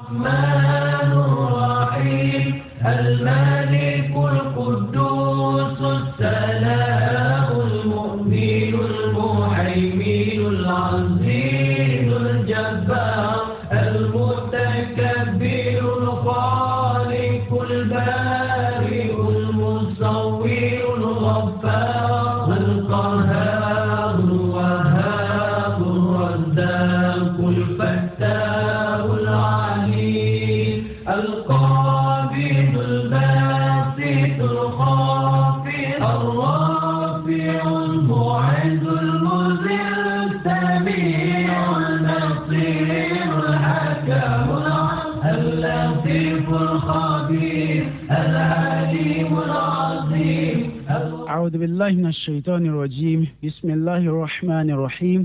الرحمن الرحيم الملك القدوس الشيطان الرجيم بسم الله الرحمن الرحيم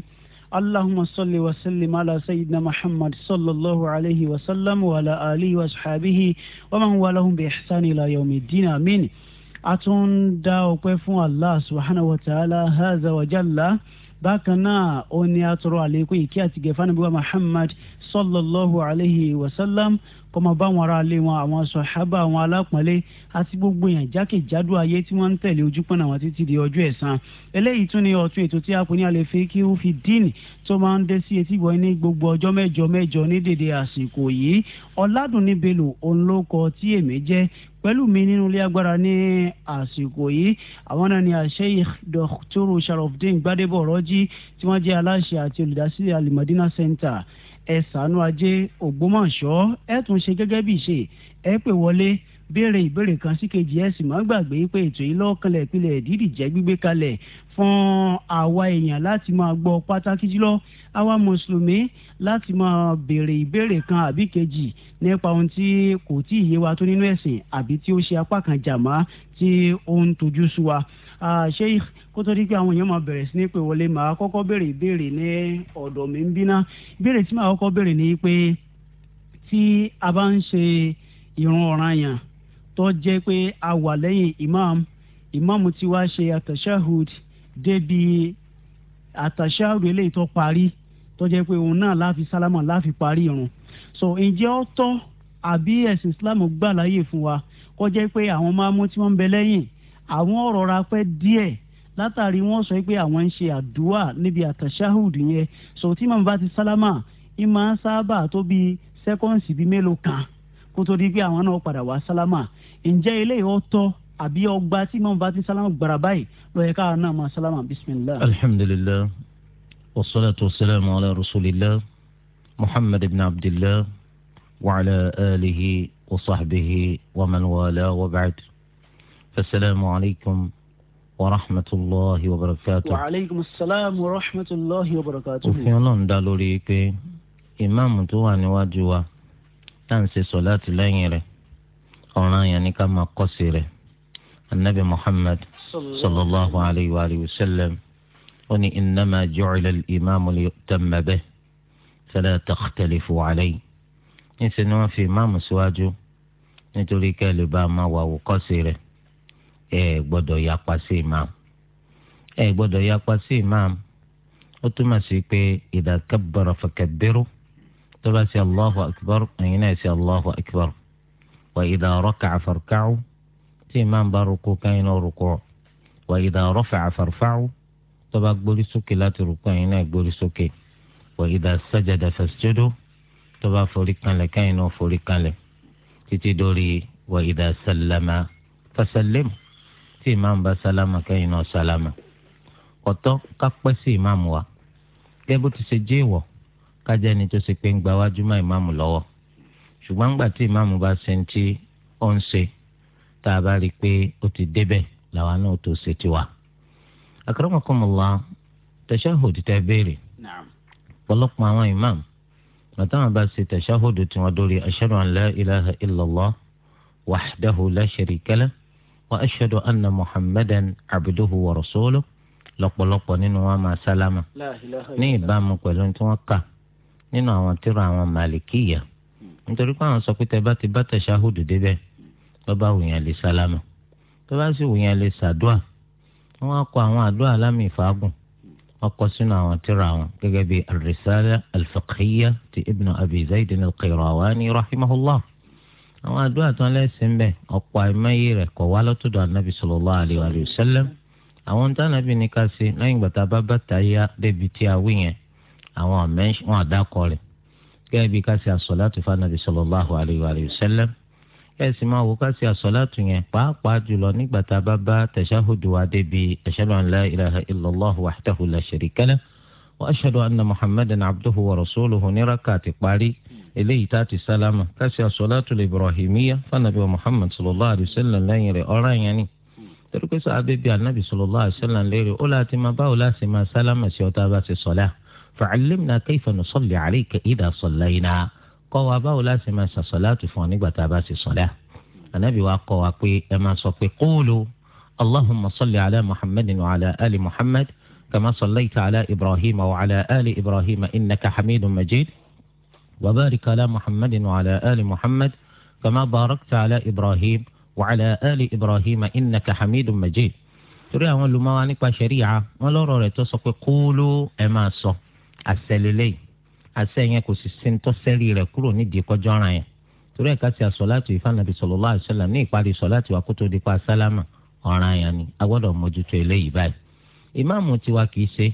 اللهم صل وسلم على سيدنا محمد صلى الله عليه وسلم وعلى آله وأصحابه ومن والهم بإحسان إلى يوم الدين آمين أتون داو كيفون الله سبحانه وتعالى هذا وجل bákan náà ó ní atọrọ àlékún ìkí àti gẹfà níbi wa Muhammad sallallahu alayhi wa sallam kó máa bá àwọn ará ilé wọn àwọn sọ̀hábà àwọn alápọ̀nlé àti gbogbo èèyàn jákèjádò ayé tí wọ́n ń tẹ̀lé ojúpọ̀nà wọn títí di ọjọ́ ẹ̀san eléyìí tún ni ọ̀tún ètò tí a pè ní alẹ́ fẹ́ kí ó fi dín tó máa ń dé sí etí ìgbọ́ ní gbogbo ọjọ́ mẹ́jọ mẹ́jọ ní dèdè àsìkò yìí ọ̀làdùnní belò òun ló kọ tí èmi jẹ́ pẹ̀lú mi nínú ilé agbára ní àsìkò yìí àwọn náà ni Sheikh Dr. Sharafdin Gbadebo Rọ́jí tí wọ́n jẹ́ aláṣẹ àti olùdásílẹ̀ al Center ẹ ṣàánú ajé ògbómọ̀ṣọ́ ẹ tún ṣe gẹ́gẹ́ bí ṣe ẹ pè wọlé béèrè ìbéèrè kan sí kejì ẹ sì má gbàgbé pé ètò yìí lọ́ọ̀kanlẹ̀ ìpìlẹ̀ ìdídì jẹ́ gbígbé kalẹ̀ fún àwa èèyàn láti máa gbọ́ pàtàkì jùlọ àwa mùsùlùmí láti máa béèrè ìbéèrè kan àbí kejì nípa ohun tí kò tí ì yé wa tó nínú ẹ̀sìn àbí tí ó ṣe apá kan jàmá tí ó ń tojú sú wa ṣé kó tó di pé àwọn èèyàn máa bẹ̀rẹ̀ sí ní pé wọlé màá kọ́kọ́ béèrè ìbéèrè ní ọ̀dọ̀ mi ń bínà ìbéèrè tí màá kọ́kọ́ béèrè ni pé tí a bá ń ṣe ìrun ọ̀ranyàn tó jẹ́ pé a wà lẹ́yìn imam imam ti wá ṣe atashahud débi atashahud eléyìí tó parí tó jẹ́ pé òun náà láfi sálámà láfi parí irun so ǹjẹ́ ó tọ́ àbí ẹ̀sìn islam gbà láàyè fún wa kó jẹ́ pé àwọn máa mú tí wọ́n ń bẹ lẹ́yìn àwọn ọ̀rọ̀ ra pẹ́ díẹ̀ látàrí wọn sọ pé àwọn ń ṣe àdúrà níbi àtàṣáhùdù yẹn so tí màmú bá ti sálámà ń máa ń sábà tó bíi sẹ́kọ́ǹsì bíi mélòó kan kó tó di pé àwọn náà padà wá sálámà ǹjẹ́ eléyìí ó tọ́ àbí ọgbà tí imam bá ti sálámà gbàrà báyìí lọ́yẹ káwọn náà máa sálámà bisimilah. alhamdulilayi wasalaatu wasalaamu ala rasulillah muhammad ibn abdillah wa ala alihi wa sahbihi wa man wala wa ba'd fasalaamu alaykum wa rahmatulahi wa barakatuh. wa aleykum salaam wa rahmatulahi wa barakatuh. òfin ọlọ́run dá lórí pé ìmáàmù tó wà níwájú wa tá à ń ṣe sọ̀láàtì lẹ́yìn rẹ̀ ọ̀ràn yẹn ni ká máa kọ́sí rẹ̀ anabi muhammad sallallahu alayhi wa sallam ó ní innama ju'ila al-imamu liyu'tamma bihi fala takhtalifu alayhi níṣẹ́ ni wọ́n fi ìmáàmù síwájú nítorí ká ẹ lè bá máa wà wòkọ́sí rẹ̀ ẹ gbọ́dọ̀ yapa sí ìmáàmù ẹ gbọ́dọ̀ yapa sí ìmáàmù ó túmọ̀ sí pé idha kabbara fakabbiru tọ́ba ṣe allahu akbar ẹ̀yin náà ṣe allahu akbar wa idha raka'a farka'u tí imam bá rúkú kẹ́yìn náà rúkú wa idha rafa'a farfa'u tọ́ba gbórí sókè láti rúkú ẹ̀yin náà gbórí sókè wa idha sajada fasjudu tọ́ba forí kanlẹ̀ kẹ́yìn náà forí kanlẹ̀ títí dórí wa idha sallama fasallimu tí imam bá sálámà kẹ́yìn náà sálámà ọ̀tọ̀ ká pẹ́ sí imam wa gẹ́gẹ́ bó ti ṣe jẹ́ ìwọ̀ kájẹ́ ni tó ṣe pé ń gba wájú mọ́ ìmáàmù lọ́wọ́ ṣùgbọ́n ńgbà tí ìmáàmù bá ṣe ti ó ń ṣe tá a bá rí i pé ó ti débẹ̀ làwọn náà tó ṣe tiwa. akramakumullah tashahhud tẹ́ béèrè ọ̀pọ̀lọpọ̀ àwọn ìmáàmù màtáwọn bá ṣe tashahhud tí wọ́n dórí ashhadu an la ilaha illallah wahdahu la sharika lah anna muhammadan abduhu wa rasuluhu lọ́pọ̀lọpọ̀ nínú wọn máa sálámà ní ìbámu pẹ̀lú tí wọ́n kà nínú àwọn tírà àwọn màlìkíyà nítorí pé àwọn sọ pé tẹ bá ti bá tẹ ṣahudu débẹ̀ tó bàbá wòyàn lè sálámà tó bá sì wòyàn lè sàdúà wọn á kọ àwọn àdúà lámì ìfàgùn wọn kọ sínú àwọn tírà wọn gẹ́gẹ́ bíi arisala alfaqiyya ti ibnu abi zaydin alqayrawani rahimahullah àwọn àdúà àdúrà tán lẹ́sìn bẹ́ẹ̀ ọ̀pọ̀ àìmọye rẹ̀ kọ̀ wá lọ́tọ̀dọ̀ anabi sallallahu alaihi wa sallam àwọn tánàbí ní ká ṣe lẹ́yìn gbàtà bàbá tàyà débi tí a wí yẹn àwọn mẹ́ṣ wọn àdàkọ rẹ̀ gẹ́gẹ́ bí kásì àsọ̀látù fanabi sallallahu alayhi wa sallam ẹ sì máa wò kásì àsọ̀látù yẹn pàápàá jùlọ nígbà tá a bá bá tẹ̀síáhùdù wa débi ashhadu an la ilaha illallah wahdahu la sharika lah wa ashhadu anna muhammadan abduhu wa rasuluhu ní rákàtì parí eléyìí tá a ti sálámà kásì àsọ̀látù ibrahimiyya fanabi wa muhammad sallallahu alayhi wa sallam lẹ́yìn rẹ̀ ọ̀rá yẹn ni torí pé فعلمنا كيف نصلي عليك إذا صلينا قوا باو لا سماس صلاة فانيبا تاباس صلاة النبي واقوا قوى أما صفي قولوا اللهم صل على محمد وعلى آل محمد كما صليت على إبراهيم وعلى آل إبراهيم إنك حميد مجيد وبارك على محمد وعلى آل محمد كما باركت على إبراهيم وعلى آل إبراهيم إنك حميد مجيد ترى أن لما شريعة ما لورو قولوا أما صف àṣẹlélẹ́yìí àṣẹ yẹn kò sì sí tọ́sẹ́rì rẹ̀ kúrò nídìí kọjọ́ ara yẹn torí ẹ̀ka ti àsọ̀láàtì ìfànàbí sallallahu alaihi ní ìparí sọ̀láàtì wa kó tó di pa sálámà ọ̀ràn yẹn ni a gbọ́dọ̀ mójútó eléyìí báyìí. ìmáàmù tiwa kì í ṣe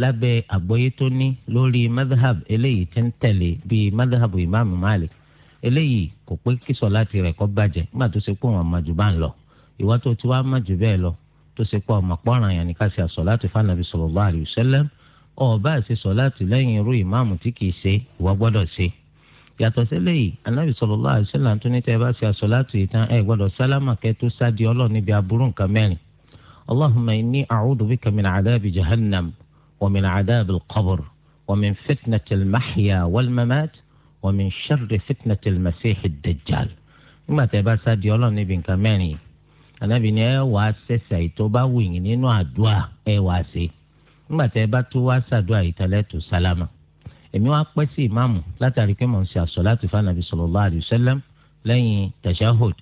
lábẹ́ àgbọ́yé tó ní lórí madhab eléyìí tí ń tẹ̀lé bíi madhab ìmáàmù Malik eléyìí kò pé kí sọ̀láàtì rẹ̀ kó bàjẹ́ nígbà tó ṣe pé wọn mọ̀ jù bá ń lọ ìwà tó ti wá mọ̀ jù bẹ́ẹ̀ ọba àti sọláàtì lẹ́yìn irú ìmáàmù tí kìí ṣe ìwọ gbọ́dọ̀ ṣe yàtọ̀ sílẹ̀ yìí anábì sallallahu alaihi wasallam tó ní tẹ́ ẹ bá ṣe àsọláàtì yìí tán ẹ gbọ́dọ̀ sálámà kẹ́ tó sádi ọlọ́ọ̀ níbi aburú nǹkan mẹ́rin allahumma inni a'udhu bika min adaabi jahannam wa min adaabi al-qabr wa min fitnati al-mahya wal-mamat wa min sharri fitnati al dajjal nígbà tẹ́ bá sádi ọlọ́ọ̀ níbi nǹkan mẹ́rin yìí ẹ wàá ṣẹ̀ṣẹ̀ ìtọ́ bá wù nínú àdúrà ẹ wàá ṣe nígbà tẹ́ ẹ bá tó wá ṣàdúrà ìtàlẹ́ tó sálámà èmi wá pẹ́ sí ìmáàmù látàrí pé mò ń ṣe àsọ̀láàtì fànàbí sallallahu alaihi wasallam lẹ́yìn tashahhud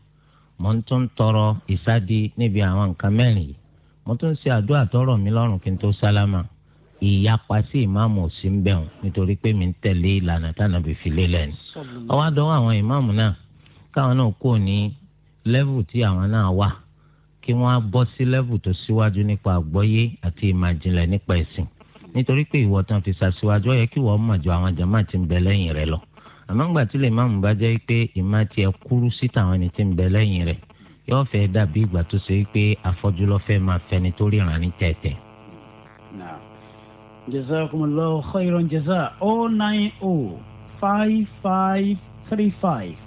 mò ń tún tọrọ ìsádi níbi àwọn nǹkan mẹ́rin yìí mo tún ṣe àdúrà tọrọ mi lọ́rùn kí n tó sálámà ìyapa sí ìmáàmù ò sí ń bẹ̀rùn nítorí pé mi ń tẹ̀lé ìlànà tànàbí fi lélẹ̀ ni ọwọ́ àdánwò àwọn ìmáàmù náà káwọn náà kò ní lẹ́vù tí àwọn náà wà kí wọ́n á bọ́ sí lẹ́vù tó síwájú nípa àgbọ́yé àti ìmàjìnlẹ̀ nípa ẹ̀sìn nítorí pé ìwọ tán fi ṣàṣìwájú ó yẹ kí wọ́n mọ̀ ju àwọn jàmá tí ń bẹ lẹ́yìn rẹ lọ àmọ́ ńgbà tí lè má mú bá jẹ́ pé ìmá tiẹ̀ kúrú sí tàwọn ẹni tí ń bẹ lẹ́yìn rẹ yóò fẹ́ dàbí ìgbà tó ṣe pé afọ́jú fẹ́ máa fẹni tó ríran ní tẹ̀tẹ̀. jazakumullahu khairan jaza o oh nine o oh five five three five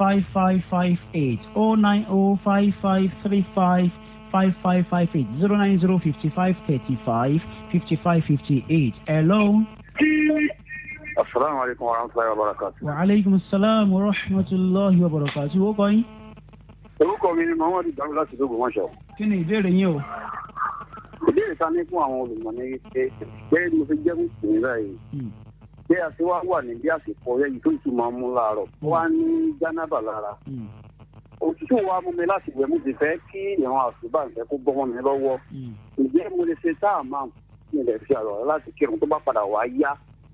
five five five eight oh nine oh five five three five five five five eight zero nine zero fifty five thirty five fifty five fifty eight. hello. asalaamualeykum wa rahmatulahi wa barakatu. wa aleykum salaam wa rahmatulahi wa barakatu. o kọ́ yín. orúkọ mi ni muhammadu dàrú láti dógò mọ́ṣọ́. kí ni ìbéèrè yín o. ìbéèrè ta ni fún àwọn olùmọ̀ ní pé pé mo fi jẹ́ kó bí a ṣe wá wà ní bí àsìkò ọyẹ́ yìí tó ìtú máa ń mú láàárọ̀ wá ní jánábà lára hmm. òtútù wa mú mi láti wẹ̀ mo sì fẹ́ kí ìran àṣùbà ìfẹ́ kó bọ́ mi lọ́wọ́ hmm. ǹjẹ́ mo lè ṣe tá a máa nílẹ̀ fi àrọ̀ láti kírun tó bá padà wá yá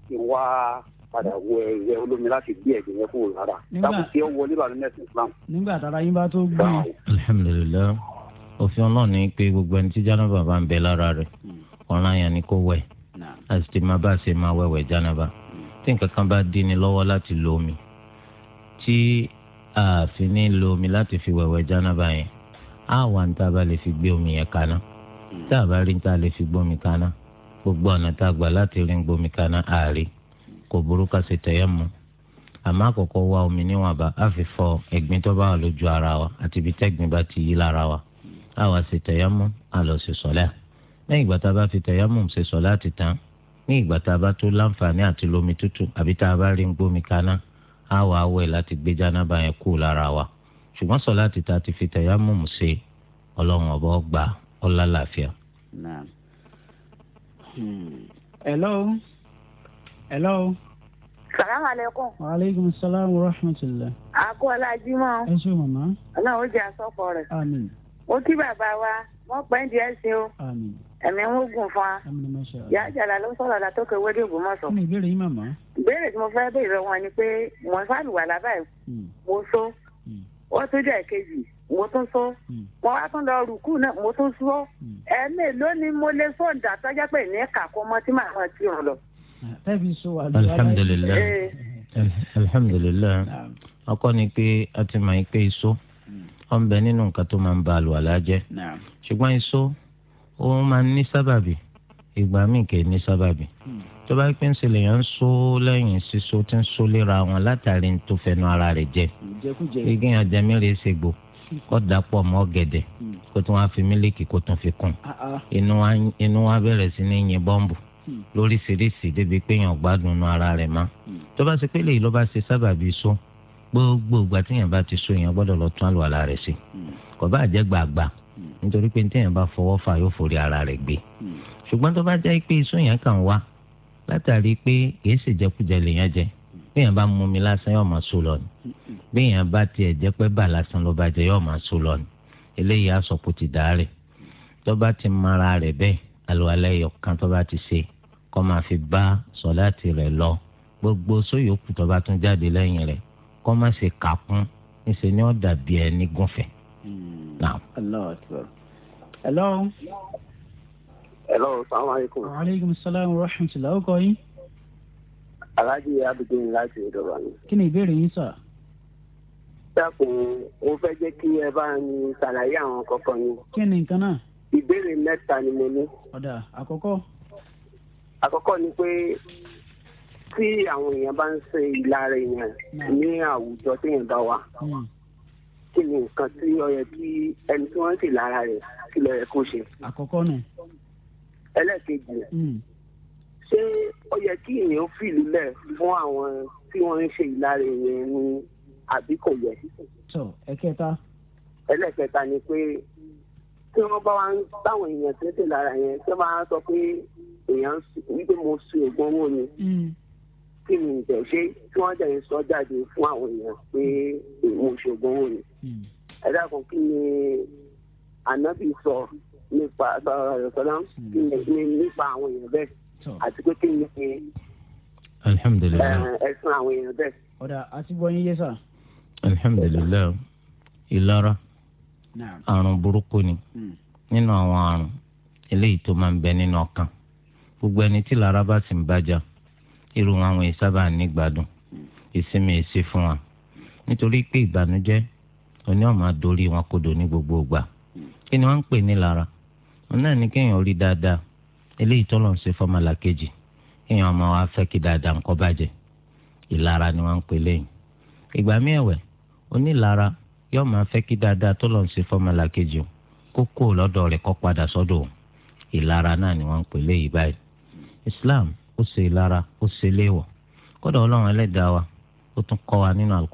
kí n wá padà wọ ẹyẹ olómi láti gbé ẹ̀jẹ̀ yẹn kúrò lára tàbí kí ó wọlé bàánú nẹ́ẹ̀sì Islam. nígbà tára yín bá tó gbé. alhamdulilayi òfin ọlọ́run ni pé gbogbo ẹni tí jánábà bá ń bẹ lára rẹ̀ hmm. ọ̀ràn yẹn ni kó wẹ̀ àti tí máa bá ṣe máa wẹ̀wẹ̀ jánábà tí nǹkan kan bá dín ní lọ́wọ́ láti lo omi tí a fi ní lo omi láti fi wẹ̀wẹ̀ jánábà yẹn á wà ní tá a bá lè fi gbé omi yẹn kaná tá a bá rí ní tá a lè fi gbómi kaná gbogbo ọ̀nà tá a gbà láti rí gbómi kaná àárí kò burú ká ṣe tayammum àmọ́ àkọ́kọ́ wá omi níwọ̀nba á fi fọ ẹ̀gbin tó bá wà lójú ara wa àti ibi tẹ́gbin bá ti yí lára wa á wá ṣe tayammum á lọ ṣe sọ̀lá lẹ́yìn ìgbà tá a bá fi tayammum ṣe sọ̀lá ti tán ní ìgbà tá a bá tó láǹfààní àti lomi tútù àbí tá a bá rí ń gbómi kaná á wà á láti gbé jánábà yẹn kú lára wa ṣùgbọ́n sọ láti ta ti fi tẹ̀yà mọ̀mù ṣe ọlọ́run ọba ọgbà ọlá làáfíà. Hmm. hello hello. salaamu aleykum. wa aleykum salaam wa rahmatulah. àkó ọlájúmọ́. ẹ ṣé màmá. ọlọ́run ó jẹ́ àsọpọ̀ rẹ̀. àmín. mo kí bàbá wa wọ́n pẹ́ ẹ̀sìn o. àmín ẹ̀mí ń gùn fún wa. yà á jàlá ló sọ̀rọ̀ la tó kẹ́ wẹ́dí Ògbómọ̀ṣọ́. mi ìbéèrè yín màmá. ìbéèrè tí mo fẹ́ béèrè wọn ni pé mo fàlù wà lábà ẹ̀ hmm. mo so hmm. ó tún jẹ́ kejì mo tún so hmm. mo wá tún lọ rùkú náà mo tún so ẹ̀mí lónìí mo lè so ǹdà tọ́jà pé ní kàkó mọ́ tí màá mọ́ tí ò lọ. alhamdulilayi eh. eh, ọkọ ni pé a ti máa ń pé iṣó ọ̀nbẹ nínú nǹkan tó máa ń ba àlùwàlá jẹ́ ṣùgbọ́n iṣó ó máa ń ní sábàbí ìgbà míì kì í ní sábàbí hmm. tó bá pín sílẹ̀ yẹn ń so lẹ́yìn síso tí ń so léra wọn látàrí tó fẹnu ara rẹ̀ jẹ igi yẹn jẹ mí rè é ṣègbò kó dàpọ̀ mọ́ gẹ̀dẹ̀ hmm. kó tún wá fi mílíkì kó tún fi kún ah, ah. inú wa bẹ̀rẹ̀ sí ní yin bọ́ǹbù hmm. lóríṣiríṣi débi pé yàn gbádùn inú ara rẹ̀ mọ́ tó bá ṣe pé lèyí ló bá ṣe sábàbí so gbogbo ìgbà tí yàn bá ti so yàn gbọ́dọ̀ lọ tún àlùwàlà rẹ̀ ṣe kò bá jẹ́ nítorí pé téèyàn bá fọwọ́ fà yóò forí ara rẹ̀ gbé ṣùgbọ́n tó bá jẹ́ pé iṣu yẹn kàn wá látàrí pé kìí ṣe jẹkújẹ lèèyàn jẹ béèyàn bá mú mi lásán yóò máa sùn lọ ni béèyàn bá tiẹ̀ jẹ́ pé bà lásán ló bá jẹ yóò máa sùn lọ ni eléyìí aṣọ̀kù ti dà á rẹ̀ tó bá ti mara rẹ̀ bẹ́ẹ̀ àlùwalẹ̀ yọ̀kan tó bá ti ṣe kó máa fi bá sọ̀láàtì rẹ̀ lọ gbogbo sóyòkù tó bá tún jáde lẹ́yìn rẹ̀ kó má ṣe kà níṣẹ́ ni ó dàbí ẹni gúnfẹ̀ naam. hello. hello salaam aleykum. wa aleykum salaam wa rahmatulah ọkọ yín. alájí abidjan láti ìdọ̀bà ni. kí ni ìbéèrè yín sọ. dákun mo fẹ́ jẹ́ kí ẹ bá mi ṣàlàyé àwọn kankan ni. kí ni nǹkan náà. ìbéèrè mẹ́ta ni mo ní. ọ̀dà àkọ́kọ́. àkọ́kọ́ ni pé tí àwọn èèyàn bá ń ṣe ìlara èèyàn ní àwùjọ téèyàn bá wà. Hmm kí ni nǹkan tí ó yẹ kí ẹni tí wọ́n ń sì lára rẹ̀ kí ló yẹ kó ṣe. àkọ́kọ́ nù. ẹlẹ́ẹ̀kejì hmm. ṣé ó yẹ kí èèyàn fìlílẹ̀ fún àwọn tí wọ́n ń ṣe ìlara èèyàn ni àbí kò yẹ. tó ẹ̀kẹta. ẹlẹ́ẹ̀kẹta ni pé tí wọ́n bá wá ń báwọn èèyàn tó ń ṣe lára yẹn tí wọ́n bá sọ pé èèyàn wípé mo sun ògbọ́n wò ni hmm. kí ni ìjẹ́ ṣé tí wọ́n jẹ́ sọ fún àwọn èèyàn pé mo ṣògbọ́n wò ni ẹ dákun kí ni ànábì sọ nípa sọlá kí ni nípa àwọn èèyàn bẹ́ẹ̀ àti pé kí ni alhamdulilayi eh, ẹ̀sùn àwọn èèyàn bẹ́ẹ̀. ọ̀dà àti bọ́yìn yé sà. alhamdulilayi ìlara àrùn burúkú ni hmm. nínú àwọn àrùn eléyìí tó máa ń bẹ nínú ọkàn gbogbo ẹni tí lára bá sì ń bàjá irú àwọn ìsábà nígbádùn hmm. ìsinmi èsì fún wa nítorí pé ìbànújẹ́ oní ọmọ adorí wọn kodo ní gbogbo ọgbà. kí ni wọ́n ń pè ní lára wọn náà ní kéèyàn orí dáadáa eléyìí lọ ń ṣe fọ́mọlá kejì kéèyàn ọmọ wa fẹ́ kí dáadáa ńkọ́ bàjẹ́ ìlara ni wọ́n ń pè lẹ́yìn ìgbà mí ẹ̀wẹ̀ onílara yóò máa fẹ́ kí dáadáa ń ṣe kejì lọ́dọ̀ rẹ̀ padà sọ́dọ̀ ìlara náà ni ń pè wa ó tún kọ́ wa nínú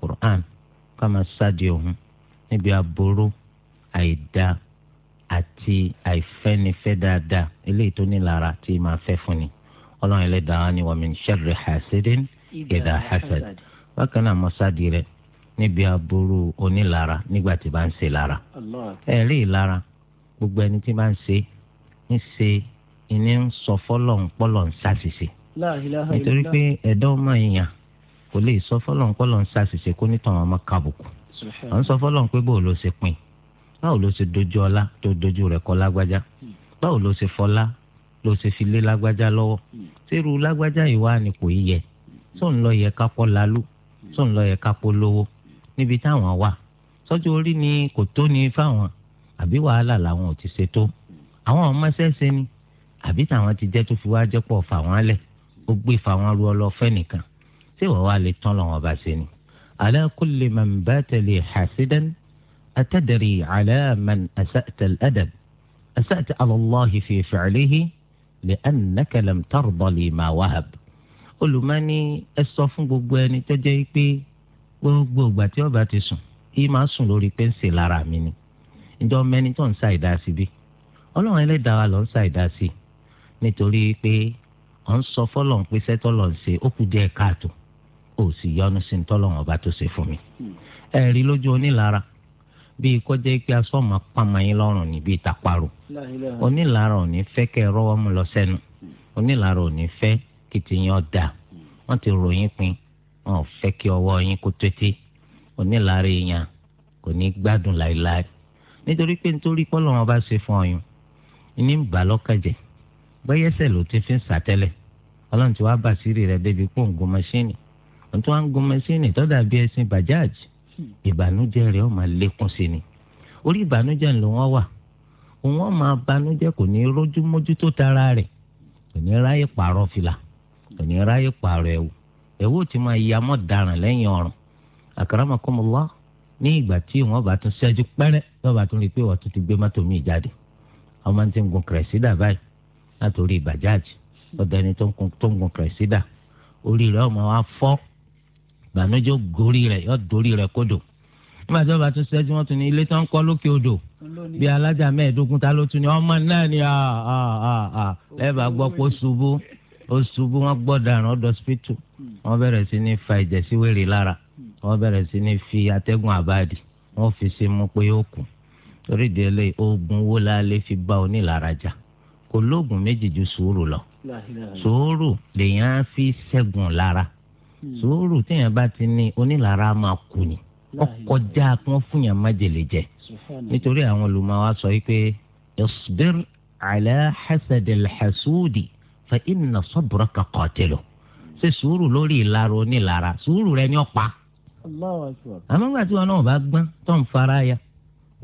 ká máa ṣáàdì níbi aburú àìdá àti àìfẹ́nifẹ́ dáadáa eléyìí tó nílara tí máa fẹ́ fún ni ọlọ́run ẹlẹ́dàá ni wa min sharri hasidin idha hasad bákan náà mọ́sáàdì rẹ̀ níbi aburú onílara nígbà tí bá ń ṣe lára ẹ̀rí ìlara gbogbo ẹni tí bá ń ṣe ń ṣe ìní ń sọ fọ́lọ̀ ń pọ́lọ̀ ṣàṣìṣe nítorí pé ẹ̀dọ́ ọmọ èèyàn kò lè sọ fọ́lọ̀ ń ṣàṣìṣe kó nítorí ọmọ kábùkù à ń sọ fọlọ́n pé báwo ló ṣe pin báwo ló ṣe dojú ọlá tó dojú rẹ̀ kọ lágbájá hmm. báwo ló ṣe fọlá ló ṣe fi lé lágbájá lọ́wọ́ hmm. sírú lágbájá ìwà ni kò í yẹ tó ń lọ yẹ kápọ́ lálù tó ń lọ yẹ kápọ́ lówó níbi táwọn wà sọ́jú orí ni kò tó ní fáwọn àbí wàhálà làwọn ò ti ṣe tó àwọn ọmọ ṣẹ́ṣe ni àbí táwọn ti jẹ́ tó fi wá jẹ́ pọ̀ lẹ̀ ó gbé fà ru ọlọ́fẹ́ nìkan ṣé ìwọ wa lè tán lọ́wọ́ bá ṣe ni على كل من بات لي حاسدا أتدري على من أسأت الأدب أسأت على الله في فعله لأنك لم ترضى لي ما وهب olùmọ́ni ẹ sọ fún gbogbo ẹni tó jẹ́ pé gbogbo ìgbà tí ọba ti sùn yìí máa sùn lórí pé ń ṣe lára mi ni ìjọ mẹ́ni tó ń sa ìdásí bí ọlọ́run ẹlẹ́dàá wa ló ń sa ìdásí nítorí pé ọ̀ ń sọ fọ́lọ́ ń pèsè tọ́lọ̀ ń ṣe ó kù díẹ̀ káàtó kò sì yọnu sí ní tọ́lọ́wọ́n ọba tó ṣe fún mi. ẹ rí lójú onílara bíi kọjá ipe asọ́mọ pàmáyín lọ́rùn ní bíi tàparò onílara ò ní fẹ́ kẹ́ rọ́wọ́ mú lọ sẹ́nu onílara ò ní fẹ́ kìtìyàn dà wọ́n ti ròyìn pin wọn ò fẹ́ kí ọwọ́ yín kó tètè onílara èèyàn kò ní gbádùn láéláé nítorí pé nítorí pọ́lọ́wọ́n bá ṣe fún ọyún ní balọ́kàjẹ́ bẹ́yẹ́sẹ̀ ló ti fi ń sàtẹ́lẹ̀ ọlọ́run ti wá bàṣírí rẹ̀ débi pòǹgò mọ́ṣíìnì wọn tún á ń gun mẹsìnì tó dàbí ẹṣin bajaj hmm. ìbànújẹ́ rẹ̀ ó máa lékún sí ni orí ìbànújẹ́ ńlọ wọn wà wọn máa banújẹ́ kò ní rójú mójú tó tara rẹ̀ kò ní ráyè pààrọ̀ fìlà kò ní ráyè pààrọ̀ ẹ̀wù ẹ̀wù ti máa ya mọ́ daràn lẹ́yìn ọ̀rùn àkàràmọ̀kọ́mọlá ní ìgbà tí wọn bá tún ṣẹ́jú pẹ́rẹ́ lọ́ọ́ bá tún rí i pé wọ́n tún ti gbé mọ́tò míì jáde àwọn máa ti ń gun kẹ̀rẹ́sídà báyìí látòrí bajaj ọ̀dọ̀ ẹni tó ń gun kẹ̀rẹ́sídà orí rẹ̀ ọmọ wa fọ́ ìbànújẹ́ gorí rẹ̀ yọ dorí rẹ̀ kodò nígbà tí wọ́n bá tún ṣẹ́jú wọ́n tún ní ilé tó ń kọ́ lókè odò bí alájà mẹ́ẹ̀ẹ́dógún ta ló tún ní ọmọ náà ni lẹ́ẹ̀bà gbọ́ pé ó ṣubú ó ṣubú wọ́n gbọ́ dànù ọ̀dọ̀ spítù wọ́n bẹ̀rẹ̀ sí ní fa ìjẹ̀ sí wèrè lára wọ́n bẹ̀rẹ̀ sí ní fi atẹ́gùn àbáàdì wọ́n fi sí mú pé ó kù torí délé oògùn wo la lè fi bá onílàrajà kò lóògùn méjì ju sùúrù lọ sùúrù lèèyàn fi ṣẹ́gun lára Hmm. sùúrù téèyàn bá ti ní onílára máa kù ni ọkọjá kí wọ́n fún yàn májèlé jẹ nítorí àwọn olùmọ̀ wa sọ pé isbir ala hasadil hasudi fa inna sabraka qatilu ṣe sùúrù lórí ìlara onílara sùúrù rẹ ni ó pa àmọ́ nígbà tí wọn náà bá gbọ́n tó ń fara ya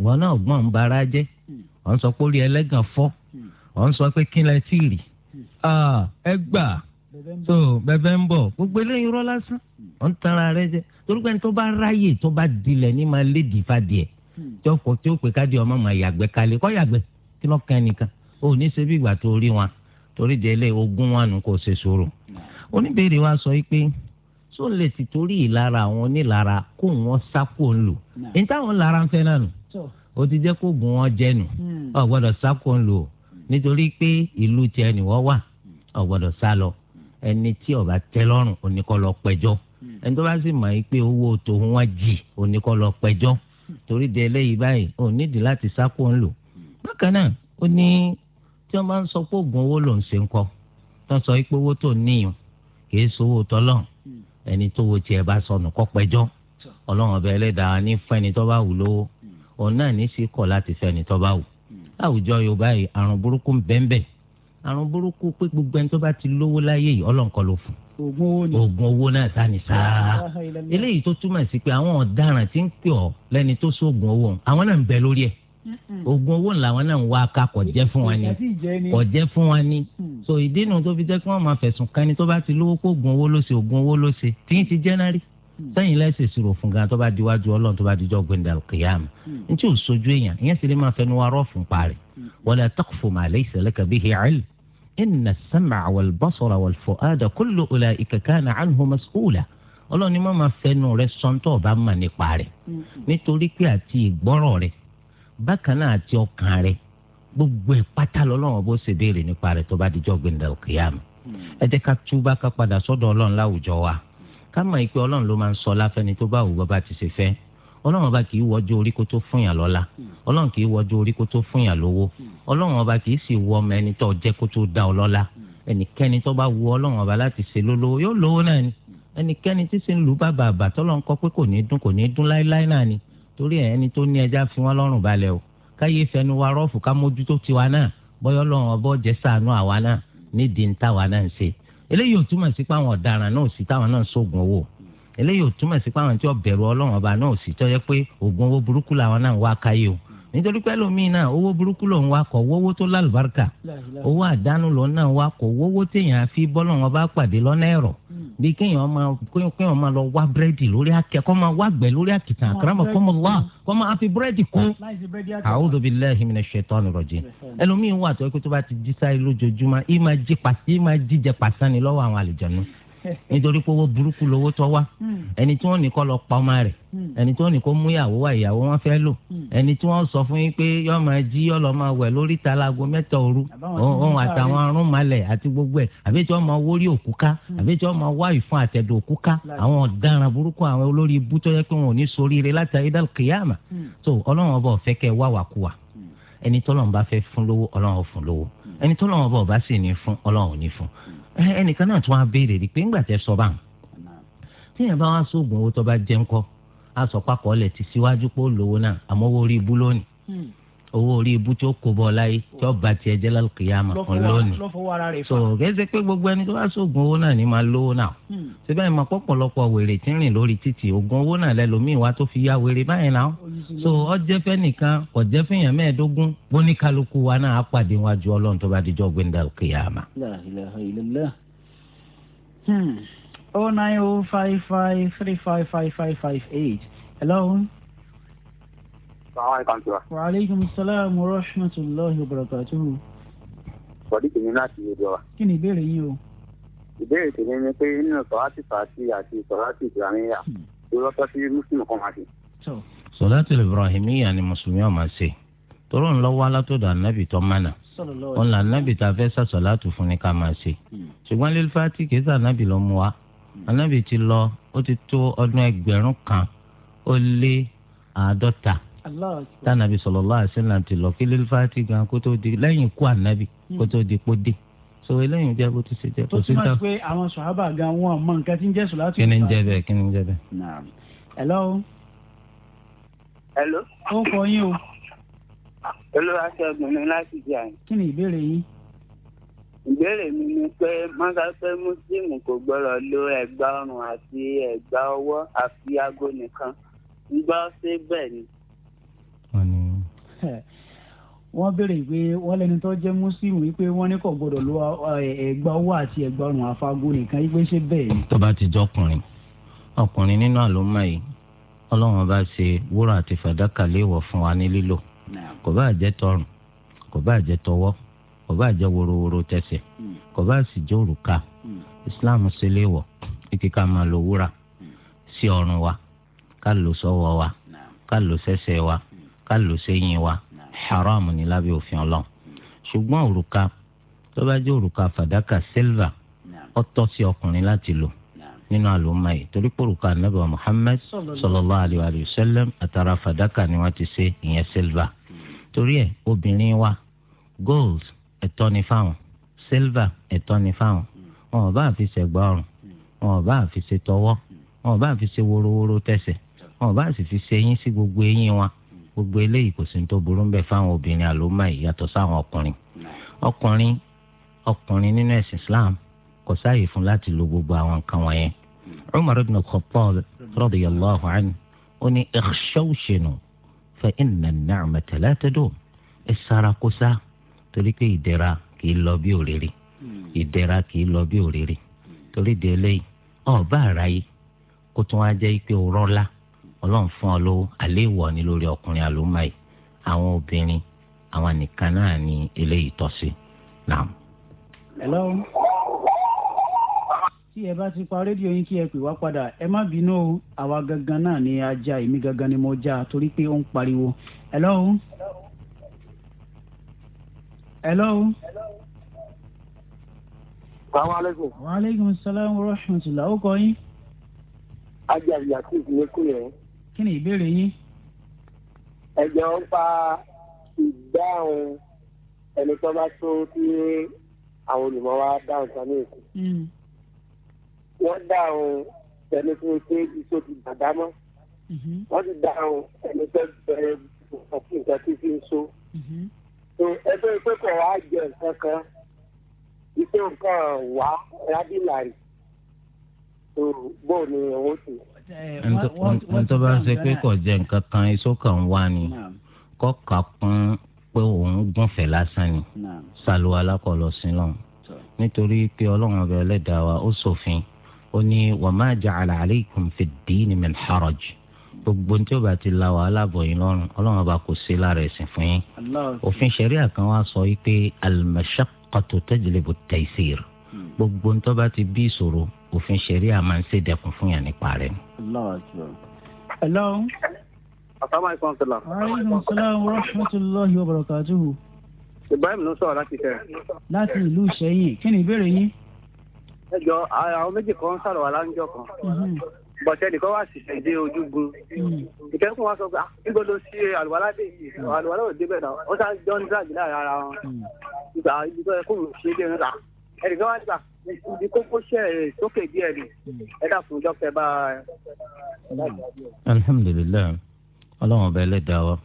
wọn náà gbọ́n ń bara jẹ́ hmm. ọ̀ sọ pé orí ẹlẹ́gàn fọ́ hmm. ọ̀ sọ pé kí lẹ tí ì rí ah, ẹ gbà so bẹbẹ ń bọ gbogbo eléyìí rọ lásán wọn tanra rẹ jẹ torí pé tó bá ráyè tó bá dilẹ ní máa lé dìfà díẹ̀ hmm. tó fọ tí ó pè ká di ọmọ máa yàgbẹ́ kalẹ̀ kọ yàgbẹ́ kí lọ kàn nìkan ò ní ṣe bí ìgbà tó rí wọn torí délé ogún wọn nù kò ṣe sòrò oníbèrè wa sọ pé tó lè ti torí ìlara àwọn onílara kó wọn sáko ń lò ní táwọn lára ń fẹ́ náà nù ó ti jẹ́ kó gun wọn jẹ ọ hmm. gbọ́dọ̀ sáko ń lò nítorí pé ìlú tiẹ̀ nìwọ́ wà ọ gbọ́dọ̀ sá lọ ẹni tí ó bá tẹ́ lọ́rùn oníkọ́ lọ pẹjọ́ hmm. ẹni tó bá sì mọ̀ yìí pé owó tòun wọ́n jì oníkọ́ lọ pẹjọ́ hmm. torí de eléyìí báyìí ò nídìí láti sáko ń lò bákan náà ó ní tí wọ́n bá ń sọ pé oògùn owó ló ń ṣe ń kọ́ tó sọ pé owó tó níyàn kì í sowó tọ́lọ́run hmm. ẹni tó wo tiẹ̀ bá sọnù kọ́ pẹjọ́ ọlọ́run ọba ẹlẹ́dàá ní fẹ́ni tó bá wù lówó òun náà ní sí kọ̀ láti fẹ́ni tó bá wù láwùjọ yorùbá yìí àrùn burúkú ń bẹ́ńbẹ́ àrùn burúkú pé gbogbo ẹni tó bá ti lówó láyé yìí ọlọ́nkọ ló fún oògùn owó náà sani sáá eléyìí tó túmọ̀ sí pé àwọn ọ̀daràn tí ń pè ọ́ lẹ́ni tó sóògùn owó àwọn náà ń bẹ lórí ẹ̀ oògùn owó làwọn náà ń wá ká kò jẹ́ fún wa ni kò jẹ́ fún wa ni mm. so ìdí nu tó fi jẹ́ kí wọ́n máa fẹ̀sùn kàn ni tó bá ti lówó kó oògùn owó ló ṣe oògùn owó ló ṣe tí ń ti jẹ́ náà rí sẹ́yìn lẹ́sẹ̀ ìṣirò fún gan tó bá di iwájú ọlọ́run tó bá di jọ́ gbẹ̀ndà kìyàm ní hmm. tí ò sojú èèyàn ìyẹn sì lè máa fẹnu wa rọ́ fún parí hmm. wala taqfu ma laysa laka bihi ilm inna as-sam'a wal-basara wal-fu'ada kullu ula'ika kana ọlọ́run ni máa fẹnu rẹ sọ́ńtọ̀ ọba mà nípa rẹ̀ hmm. nítorí pé àti ìgbọ́rọ̀ rẹ̀ bákan náà àti ọkàn ká mọ̀ pé ọlọ́run ló máa ń sọ láfẹ́ni tó bá wù bàbá ti ṣe fẹ́ ọlọ́run ọba kì í wọjú orí kó tó fún yàn lọ́lá ọlọ́run kì í wọjú orí kó tó fún yàn lówó ọlọ́run ọba kì í sì wọ ọmọ ẹni tó jẹ́ kó tó dá ọ lọ́lá ẹnikẹ́ni tó bá wù ọlọ́run ọba láti ṣe lólówó yóò lówó náà ni ẹnikẹ́ni tí sì ń lu bàbà àbàtọ́ lọ́n kọ́ pé kò ní dún kò ní dún láéláé náà ni torí ẹni tó ní ẹja fi wọ́n lọ́rùn balẹ̀ o káyé fẹnu wa rọ́ọ̀fù ká mójútó tiwa náà bọ́yọ́ lọ́run ọbọ̀ jẹ́ eléyìí ò túmọ̀ sí pé àwọn ọ̀daràn náà sì táwọn náà ń sógun owó eléyìí ò túmọ̀ sí pé àwọn tí ó bẹ̀rù ọlọ́run ọba náà sì tọ́ pé oògùn owó burúkú làwọn náà wá káyé o nítorí pé lómìn náà owó burúkú ló ń wá kọ owó tó lálùbáríkà owó àdánù ló náà wá kọ owó téèyàn fi bọ́lọ̀ wọn bá pàdé lọ́nà ẹ̀rọ hmm. bí kéèyàn máa kéèyàn máa lọ wá búrẹ́dì lórí akẹ́ kọ́ máa wá gbẹ́ lórí àkìtàn àkàràmọ̀ kọ́ máa wá kọ́ máa fi búrẹ́dì kún. a'udhu billahi minash shaitani rajim ẹlòmíín wà tó pé tó bá ti jí sáyé lójoojúmọ́ í máa jí pàṣẹ í máa jíjẹ pàṣẹ ni lọ́wọ́ àwọn àlùjànnú nítorí pé owó burúkú lówó tó wá hmm. ẹni tí wọ́n ní kó lọ pa ọmọ rẹ̀ hmm. ẹni tí wọ́n ní kó ẹni tí wọ́n sọ fún yín pé yọ́ọ́ máa jí yọ́ọ́ lọ́ọ́ máa wẹ̀ lórí ta láago mẹ́ta òru òun àtàwọn arún malẹ̀ àti gbogbo ẹ̀ àbí tí wọ́n máa wórí òkú ká hmm. àbí tí wọ́n máa wá ìfún àtẹ̀dọ̀ òkú ká àwọn ọ̀daràn burúkú àwọn olórí ibú tó yẹ pé wọn ò ní soríire látàrí dàlùkìyàmà tó hmm. ọlọ́run ọba ọ̀fẹ́ kẹ wá wà kú wa hmm. ẹni tọ́lọ́run bá fẹ́ fún lówó ọlọ́run fún lówó ẹni tọ́lọ́run ọba ọba sì ní fún ọlọ́run ò ní fún ẹnìkan náà tún á béèrè rí pé ńgbà tẹ sọ báwọn tí asọ̀pàkọ́ lẹ̀ ti síwájú pé ó lówó náà àmọ́ owó orí ibú lónìí hmm. owó orí ibú tí ó kó bọ́ láyé tí ó bá tiẹ̀ jẹ́ lálùkìyàmà kan lónìí so kẹ́sẹ́ pé gbogbo ẹni tó bá sóògùn owó náà ní máa lówó náà síbẹ̀ hmm. ìmọ̀ pọ̀pọ̀lọpọ̀ wèrè tí ń rìn lórí títì oògùn owó náà lẹ́lòmíì wá tó fi ya wèrè báyìí náà so ọjẹ́ fẹ́ nìkan ọjẹ́ fìyàn mẹ́ẹ̀ẹ́dógún bóníkálukú wa náà á wájú ọlọ́run tó bá dijọ́ gbẹ̀ndàlùkìyàmà oh nine oh five five three five five five five eight hello. salaamaleykum sir. wa aleykum salaam wa rahmatulahi wa barakatuhu. bọ̀dí tèmi láti ìlú wa. kí ni ìbéèrè yín o. ìbéèrè tèmi ni pé nínú sọ̀rọ̀tì fàásì àti sọ̀rọ̀tì ìgbàmíyà ló hmm. lọ́tọ́ sí mùsùlùmí kan máa ṣe. sọ̀rọ̀tì ibrahimiya ni mùsùlùmí ọ̀ máa ṣe tọrọ ńlọ wá látọ̀dọ̀ ànábì tó mánà ọ̀nà ànábì tá a fẹ́ sàṣọ̀látù fún ni ká máa ṣe hmm. ṣùgbọ́n anabi ti lọ ó ti tó ọdún ẹgbẹ̀rún kan ó lé àádọ́ta tànàbí sallallahu alaihi wasallam ti lọ kí lílfà ti gan kó tó di lẹ́yìn ikú ànábì kó tó di kó dé so eléyìí jẹ bó ti ṣe jẹ kò sí ta. tó túmọ̀ pé àwọn sọ̀hábà gan wọn mọ nǹkan tí ń jẹ́ sọ̀lá tó. kí ni ń jẹ bẹ́ẹ̀ kí ni ń jẹ bẹ́ẹ̀. hello. hello. ó kọ yín o. olúwa ṣẹ́gun ni láti jẹ́ àyìn. kí ni ìbéèrè yín ìbéèrè mi ni pé wọ́n sọ pé muslim kò gbọ́dọ̀ lo ẹ̀gbà ọrùn àti ẹ̀gbà ọwọ́ àfi aago nìkan ńgbà ṣé bẹ́ẹ̀ ni. wọ́n béèrè pé wọ́n lẹ́ni tó jẹ́ muslim wípé wọ́n ní kò gbọ́dọ̀ lo eh, ẹ̀gbà ọwọ́ àti ẹ̀gbà ọrùn àfago nìkan wípé ṣé bẹ́ẹ̀ ni. tó bá ti jọ ọkùnrin ọkùnrin nínú àlómọ yìí ọlọ́run bá ṣe wúrà àti fàdákà léèwọ̀ fún wa ní lílò kò bá jẹ́ tọrùn kò bá jẹ́ tọwọ́ kò bá jẹ́ worowóró tẹsẹ̀ hmm. kò bá sì jẹ́ òrùka hmm. islam ṣe léèwọ̀ kíkẹ́ ká máa lo wúrà hmm. sí ọrùn wa ká lò sọ́wọ́ wa ká lò sẹ́sẹ̀ wa ká lò sẹ́yìn wa haram ní lábẹ́ òfin ọlọ́run ṣùgbọ́n òrùka tó bá jẹ́ òrùka fàdákà silva ó tọ́ sí ọkùnrin láti lò nínú àlùmọ́ yìí torí pòrùka nàbà muhammed sallallahu alayhi wa sallam àtàrà fàdákà ni wọ́n ti ṣe ìyẹn silva torí ẹ̀ obìnrin wa gold ẹ̀tọ́ ni fáwọn silver ẹ̀tọ́ ni fáwọn wọn ò bá fi ṣẹ̀gbá ọrùn wọn ò bá fi ṣe tọwọ́ wọn ò bá fi ṣe worowóró tẹsẹ̀ wọn ò bá sì fi ṣe eyín sí gbogbo eyín wọn gbogbo eléyìí kò sí ní tó burú ń bẹ fáwọn obìnrin àlómà yìí sáwọn ọkùnrin ọkùnrin ọkùnrin nínú ẹ̀sìn Islam kò sáàyè fún láti lo gbogbo àwọn nǹkan wọ̀nyẹn Umar ibn Khattab radiyallahu anhu ó ní ikhshawshinu fa inna an-ni'mata la tadum ẹ sára kó sáà torí pé ìdẹ̀ra kì í lọ bí òréré hmm. ìdẹ̀ra kì í lọ bí òréré torí di eléyìí ọba àráyé kó tún wá jẹ́ pé òrọ́ ńlá ọlọ́run fún ọ lówó àléèwọ̀ ni lórí ọkùnrin àlùmọ́ yìí àwọn obìnrin àwọn nìkan náà ni eléyìí tọ́ sí náà. hello tí ẹ bá ti pa rédíò yín kí ẹ pè wá padà ẹ má bínú àwa gangan náà ni ajá èmi gangan ni mo já torí pé ó ń pariwo hello. hello? hello. salaamaleykum. waaleykum salaam wa rahmatulah ó kọ yín. ajayi yakubu ní kúrẹ́. kí ni ìbéèrè yín. ẹ̀jẹ̀ ń pa ìdáhùn ẹni tó bá tó tí àwọn olùmọ̀ wa dáhùn sani èkó. Hmm. wọ́n dáhùn ẹni tó ṣe iṣó ti dàgbà mọ́. Hmm. wọ́n ti dáhùn ẹni tó bẹ̀rẹ̀ òfin nǹkan tí ń so ẹgbẹ́ pé kò wá jẹ nǹkan kan ìpè nǹkan wá rábìlárì bóò ni owó tì. wọ́n tó bá ń ṣe pé kò jẹ nǹkan kan iṣó kan wá ni kọ́ka kún pé òun gúnfẹ̀ lásán ni ṣàlùwà lákọlọ sí náà nítorí pé ọlọ́run ọbẹ̀ ẹlẹ́dàá wa ó ṣòfin ó ní wa ma ja'ala alaykum fid din min haraj gbogbo ní tí ó bá ti la wàhálà bọ̀ yín lọ́rùn ọlọ́run ọba kò sí lára ẹ̀sìn fún yín. òfin ṣẹ̀ríà kan wá sọ wípé al-mashaqqatu tajlibu at-taysir hmm. gbogbo ní tó bá ti bí ìṣòro òfin ṣẹ̀ríà máa ń ṣèdẹ̀kùn fún yàn nípa rẹ̀. hello. asalaamualeykum salaam. aleykum salaam wa rahmatulahi wa barakatuhu. ibrahim ló sọ̀rọ̀ láti tẹ̀. láti ìlú ìṣẹ́yìn kí ni ìbéèrè bọ̀tẹ́ nìkan hmm. wá sì ṣẹ̀dé ojúgun ìkẹ́kùn wa sọ pé níbo ah, ló ṣe àlùwalá dé yìí hmm. àlùwalá ò débẹ̀ náà ó sáré jọ ń dàgbé láàrin ara wọn hmm. ìgbà ibi tó yẹ kó ṣe dé ńlá ẹnìkan wá gbà ah, ibi kókó ṣe sókè díẹ̀ ni ẹ dàpọ̀ dọ́kẹ́ bá. alhamdulilayi ọlọ́run ọba ẹlẹ́dàá wa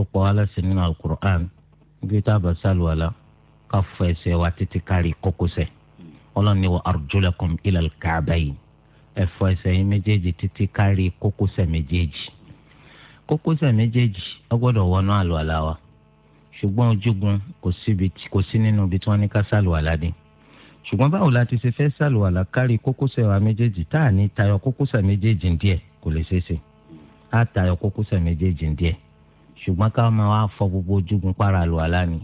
ó pọ̀ aláṣẹ nínú alukur'an bí táàbà ká fọ wa títí kárí kókósẹ̀ ọlọ́run ni wa arjulakum ilal ka'bayn ẹ fọ ẹsẹ̀ yín méjèèjì títí kárí kókósẹ̀ méjèèjì kókósẹ̀ méjèèjì ó gbọ́dọ̀ wọnú àlùwàlá wa ṣùgbọ́n ojúgun kò sí nínú ibi tí wọ́n ní ká sàlùwàlá dé ṣùgbọ́n báwo la ti ṣe fẹ́ sàlùwàlá kárí kókósẹ̀ wa méjèèjì tá à ní tayọ kókósẹ̀ méjèèjì díẹ̀ kò lè ṣeé ṣe á tayọ kókósẹ̀ méjèèjì díẹ̀ ṣùgbọ́n ká máa wá fọ gbogbo ojúgun para àlùwàlá ni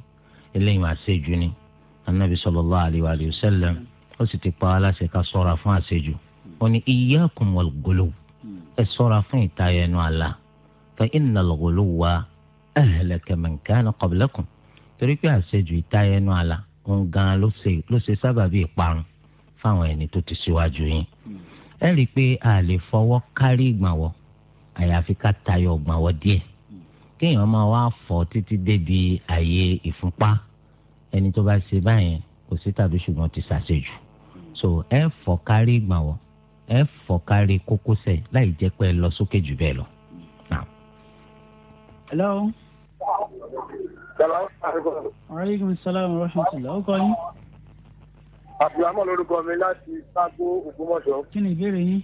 eléyìí máa ni anabi sallallahu alaihi wa sallam ó sì ti ó ní iyyakum wal ghuluw hmm. ẹ ṣọ́ra fún ìtayọ ẹnu àlà fa innal ghuluwa ahlaka man kana qablakum torí pé àṣejù ìtayọ ẹnu àlà òun gan ló ṣe sábàbí ìparun fáwọn ẹni tó ti ṣíwájú yín hmm. ẹ rí i pé a lè fọwọ́ kárí ìgbànwọ́ àyàfi ká tayọ ìgbànwọ́ díẹ̀ hmm. kéèyàn máa wá fọ títí débi àyè ìfúnpá ẹni tó bá ṣe báyẹn kò sí tàbí ṣùgbọ́n ti ṣàṣejù so ẹ fọ kárí ìgbànwọ́ ẹ fọ́ kárí kókósẹ̀ láì jẹ́ pé ẹ lọ sókè jù bẹ́ẹ̀ lọ. hello. aleykum salaam wa rahmatulah ọkọ yín. abdulhamid lórúkọ mi láti sago Ògbómọ̀ṣọ́. kí ni ìbéèrè yín.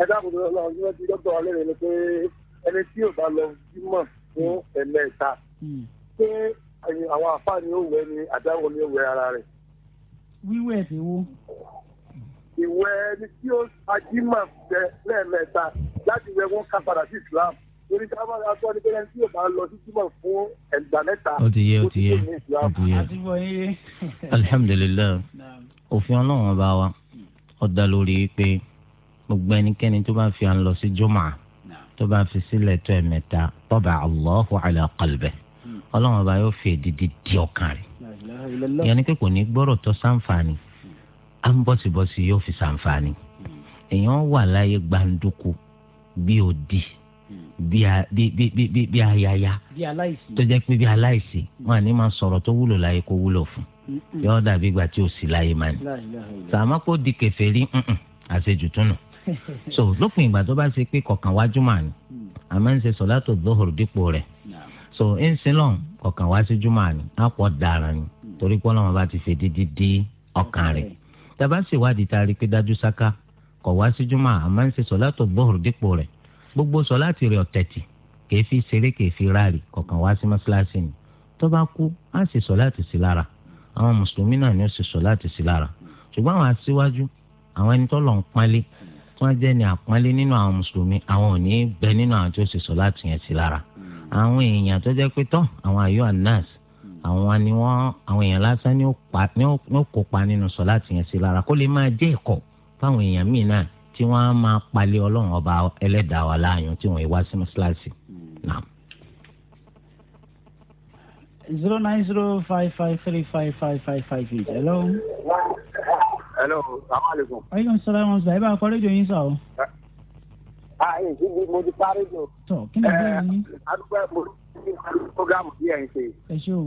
ẹ dákun tó lọ ọdún tí dókítà wa lérè ni pé ẹni tí yóò bá lọ jímọ̀ fún hmm. ẹ̀mẹ́ta pé hmm. àwọn àfáà ni ó ni àdáwọ̀ ni ó wẹ̀ ara rẹ̀. wíwẹ̀ ti wo ìwẹ̀ ẹni tí ó ajímọ̀ fẹ́ lẹ́ẹ̀mẹ́ta láti wẹ̀ wọ́n ká padà sí Islam torí ká máa sọ ní pẹ́ẹ́n tí yóò máa lọ sí jímọ̀ fún ẹ̀gbà mẹ́ta. ó ti yé ó ti yé ó ti yé alihamudulilayi òfin ọlọ́run ọba wa ó dá lórí pé gbogbo ẹnikẹ́ni tó bá fi à ń lọ sí jùmọ̀ tó bá fi sílẹ̀ tó ẹ̀mẹ́ta tọ́ba allahu ala qalbi hmm. ọlọ́run ọba yóò fi èdìdì di ọkàn rẹ̀ yẹn ni pé kò ní gbọ́rọ̀ tó sáǹfààní à ń bọ̀sibọ̀si yóò fi ṣàǹfààní èèyàn wà láyé gbàǹdùkú bí òdì bí bí ayaya tó jẹ́ pé bí aláìsí wọn àní máa sọ̀rọ̀ tó wúlò láyé kó wúlò fún yóò dàbí ìgbà tí ò sí láyé máa ní sàmọ́ kó di kèfèrí àṣejù so lópin ìgbà tó bá ṣe pé kọ̀ọ̀kan wájú màá ní àmọ́ ń ṣe sọ̀látò dọ́hùrù dípò rẹ̀ so ń sin lọ́n kọ̀ọ̀kan wá sí jùmọ̀ ní àpọ̀ dára ni mm. torí pé ọlọ́run bá ti fèdí dídí ọkàn rẹ̀ tàbá ṣèwádìí tá a rí i pé dájú sáká kọ̀ wá sí júmọ́ àmọ́ ń ṣe sọ̀látò gbọ́hùrù dípò rẹ̀ gbogbo sọ̀látì rẹ̀ ọ̀tẹ̀tì kèé fi ṣeré kèé fi ráàlì kọ̀ọ̀kan wá sí mọ́ṣáláṣí ni tó bá kú á sì sọ̀látì sí lára àwọn mùsùlùmí náà ni ó sì sọ̀látì sí lára ṣùgbọ́n àwọn aṣíwájú àwọn ẹni tó lọ ń pálí tí wọ́n jẹ́ ni àpọ́nlé nínú àwọn mùsùlùmí àwọn ò ní bẹ nínú àwọn tó sì sọ̀látì yẹn sí lára àwọn èèyàn tó jẹ́ pé tán àwọn àyọ̀ anas àwọn ni wọn àwọn èèyàn lásán ni ó kópa nínú sọ láti yẹn sí lára kó lè máa jẹ́ ẹ̀kọ́ fáwọn èèyàn míì náà tí wọ́n á máa palẹ̀ ọlọ́run ọba ẹlẹ́dàá wa láàyàn tí wọ́n yìí wá sí mọ́ṣáláṣí náà. zero nine zero five five three five five five five eight hello. hello salaamaleykum. aleykum salaam wa rahmatulah ẹ bá a kọ́ rédíò yín sọ. a yìí ti di mo ti pa rédíò. tọ kí ni ìbéèrè eh, yín. adúgbò programu bí ẹ̀ ń ṣe.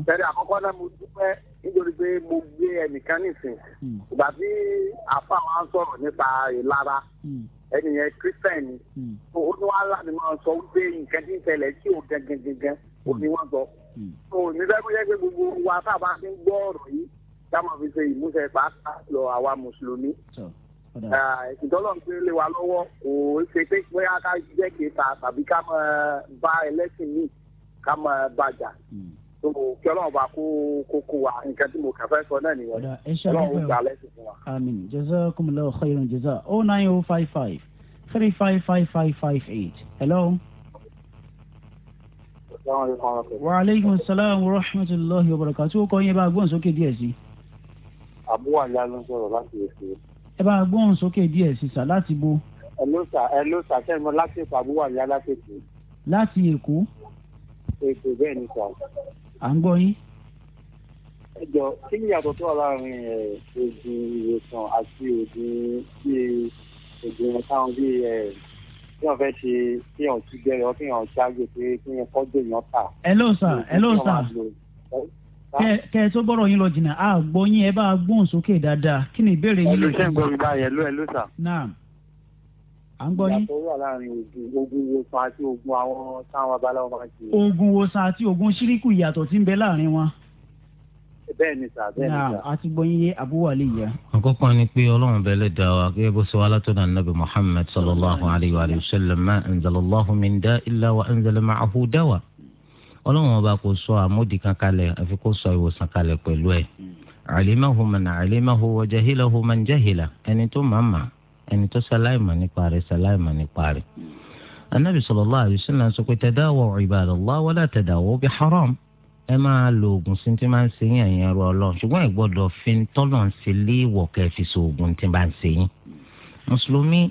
Tẹ̀lé àkọ́kọ́ náà mo dúpẹ́ nítorí pé mo gbé ẹnìkan nìsín. Hmm. Ìgbà tí àfa máa ń sọ̀rọ̀ nípa ìlara hmm. ẹni yẹn Christian ni. Hmm. Ó ní wàá láti máa sọ wípé nǹkan tí ń ṣẹlẹ̀ tí ò gangan gangan ó ní wọ́n sọ. Ó ní sẹ́kùn jẹ́ pé gbogbo wa sábà ti ń gbọ́ ọ̀rọ̀ yìí táwọn fi ṣe ìmúṣẹ pàápàá lọ àwa mùsùlùmí. Ìtọ́lọ̀ ń pè lé wa lọ́wọ́ kò ṣe pé bóyá ká jẹ́ kí ká máa bàjá tó hmm. kí ọlọ́run bá kó kókó wa nǹkan tí mo kà fẹ́ sọ náà nìyẹn ọlọ́run gbà lẹ́sìn fún wa. àmín jazakumullahu khairan jaza oh nine oh five five three five five five five eight hello. wa aleykum salaam wa rahmatulahi wa barakatuh kọ́ yín bá a gbọ́n sókè díẹ̀ sí. àbúwà ni a ló ń sọ̀rọ̀ láti èsì. ẹ bá a gbọ́n sókè díẹ̀ sí sà láti bo. ẹ ló sà ẹ ló sà sẹ́yìn mọ́ láti èkó àbúwà ni láti èkó. láti èkó ètò bẹ́ẹ̀ ni sà. à ń gbọ́ yín. ẹ jọ kí ni yàtọ̀ tó wà láàrin oògùn ìwòsàn àti oògùn bíi oògùn táwọn bíi kí wọ́n fẹ́ ṣe kí wọ́n ti jẹ́ ọ kí wọ́n ṣáájú pé kí wọ́n kọ́ dè yàn tà. ẹ ló sà ẹ ló sà kẹ ẹ tó gbọ́rọ̀ yín lọ jìnnà a gbọ́ yín ẹ bá gbóhùn sókè dáadáa kí ni ìbéèrè yín lọ. ẹ ló ṣe ń gbọ́ mi báyẹn ló ẹ ló sà. naam à ń gbọ́ ní. ìyàtọ̀ wà láàrin ogun wosan àti ogun àwọn táwọn babaláwo máa ń ṣe. ogun wosan àti ogun ṣíríkù ìyàtọ̀ tí ń bẹ láàrin wọn. bẹ́ẹ̀ ni sà bẹ́ẹ̀ ni sà. a ti gbọ́ yín yé abúwà lè yẹ. àkọ́kọ́ ni pé ọlọ́run bẹ́ẹ̀ lè dá wa gẹ́gẹ́ bó ṣe wà látọ̀dọ̀ nàbì muhammed sallallahu alayhi wa sallam ma anzalallahu min da illa wa anzala ma'ahu dawa ọlọ́run ọba kò sọ àmódì kan kalẹ̀ àfi kó sọ ìwòsàn kalẹ̀ pẹ̀lú ẹ̀ alimahu man alimahu wa jahilahu man jahila ẹni tó máa máa ẹni tó ṣaláìmọ̀ nípa rẹ̀ ṣaláìmọ̀ nípa rẹ̀. anabi sallallahu alaihi wasallam sọ pé tadawu ibadallah wala tadawu bi haram ẹ máa lo oògùn sí ti máa ń ṣe yín ẹ̀yin ẹrú ọlọ́run ṣùgbọ́n ẹ gbọ́dọ̀ fi tọ́lọ̀ ń ṣe léèwọ̀ kẹfì so oògùn tí máa ń ṣe yín. mùsùlùmí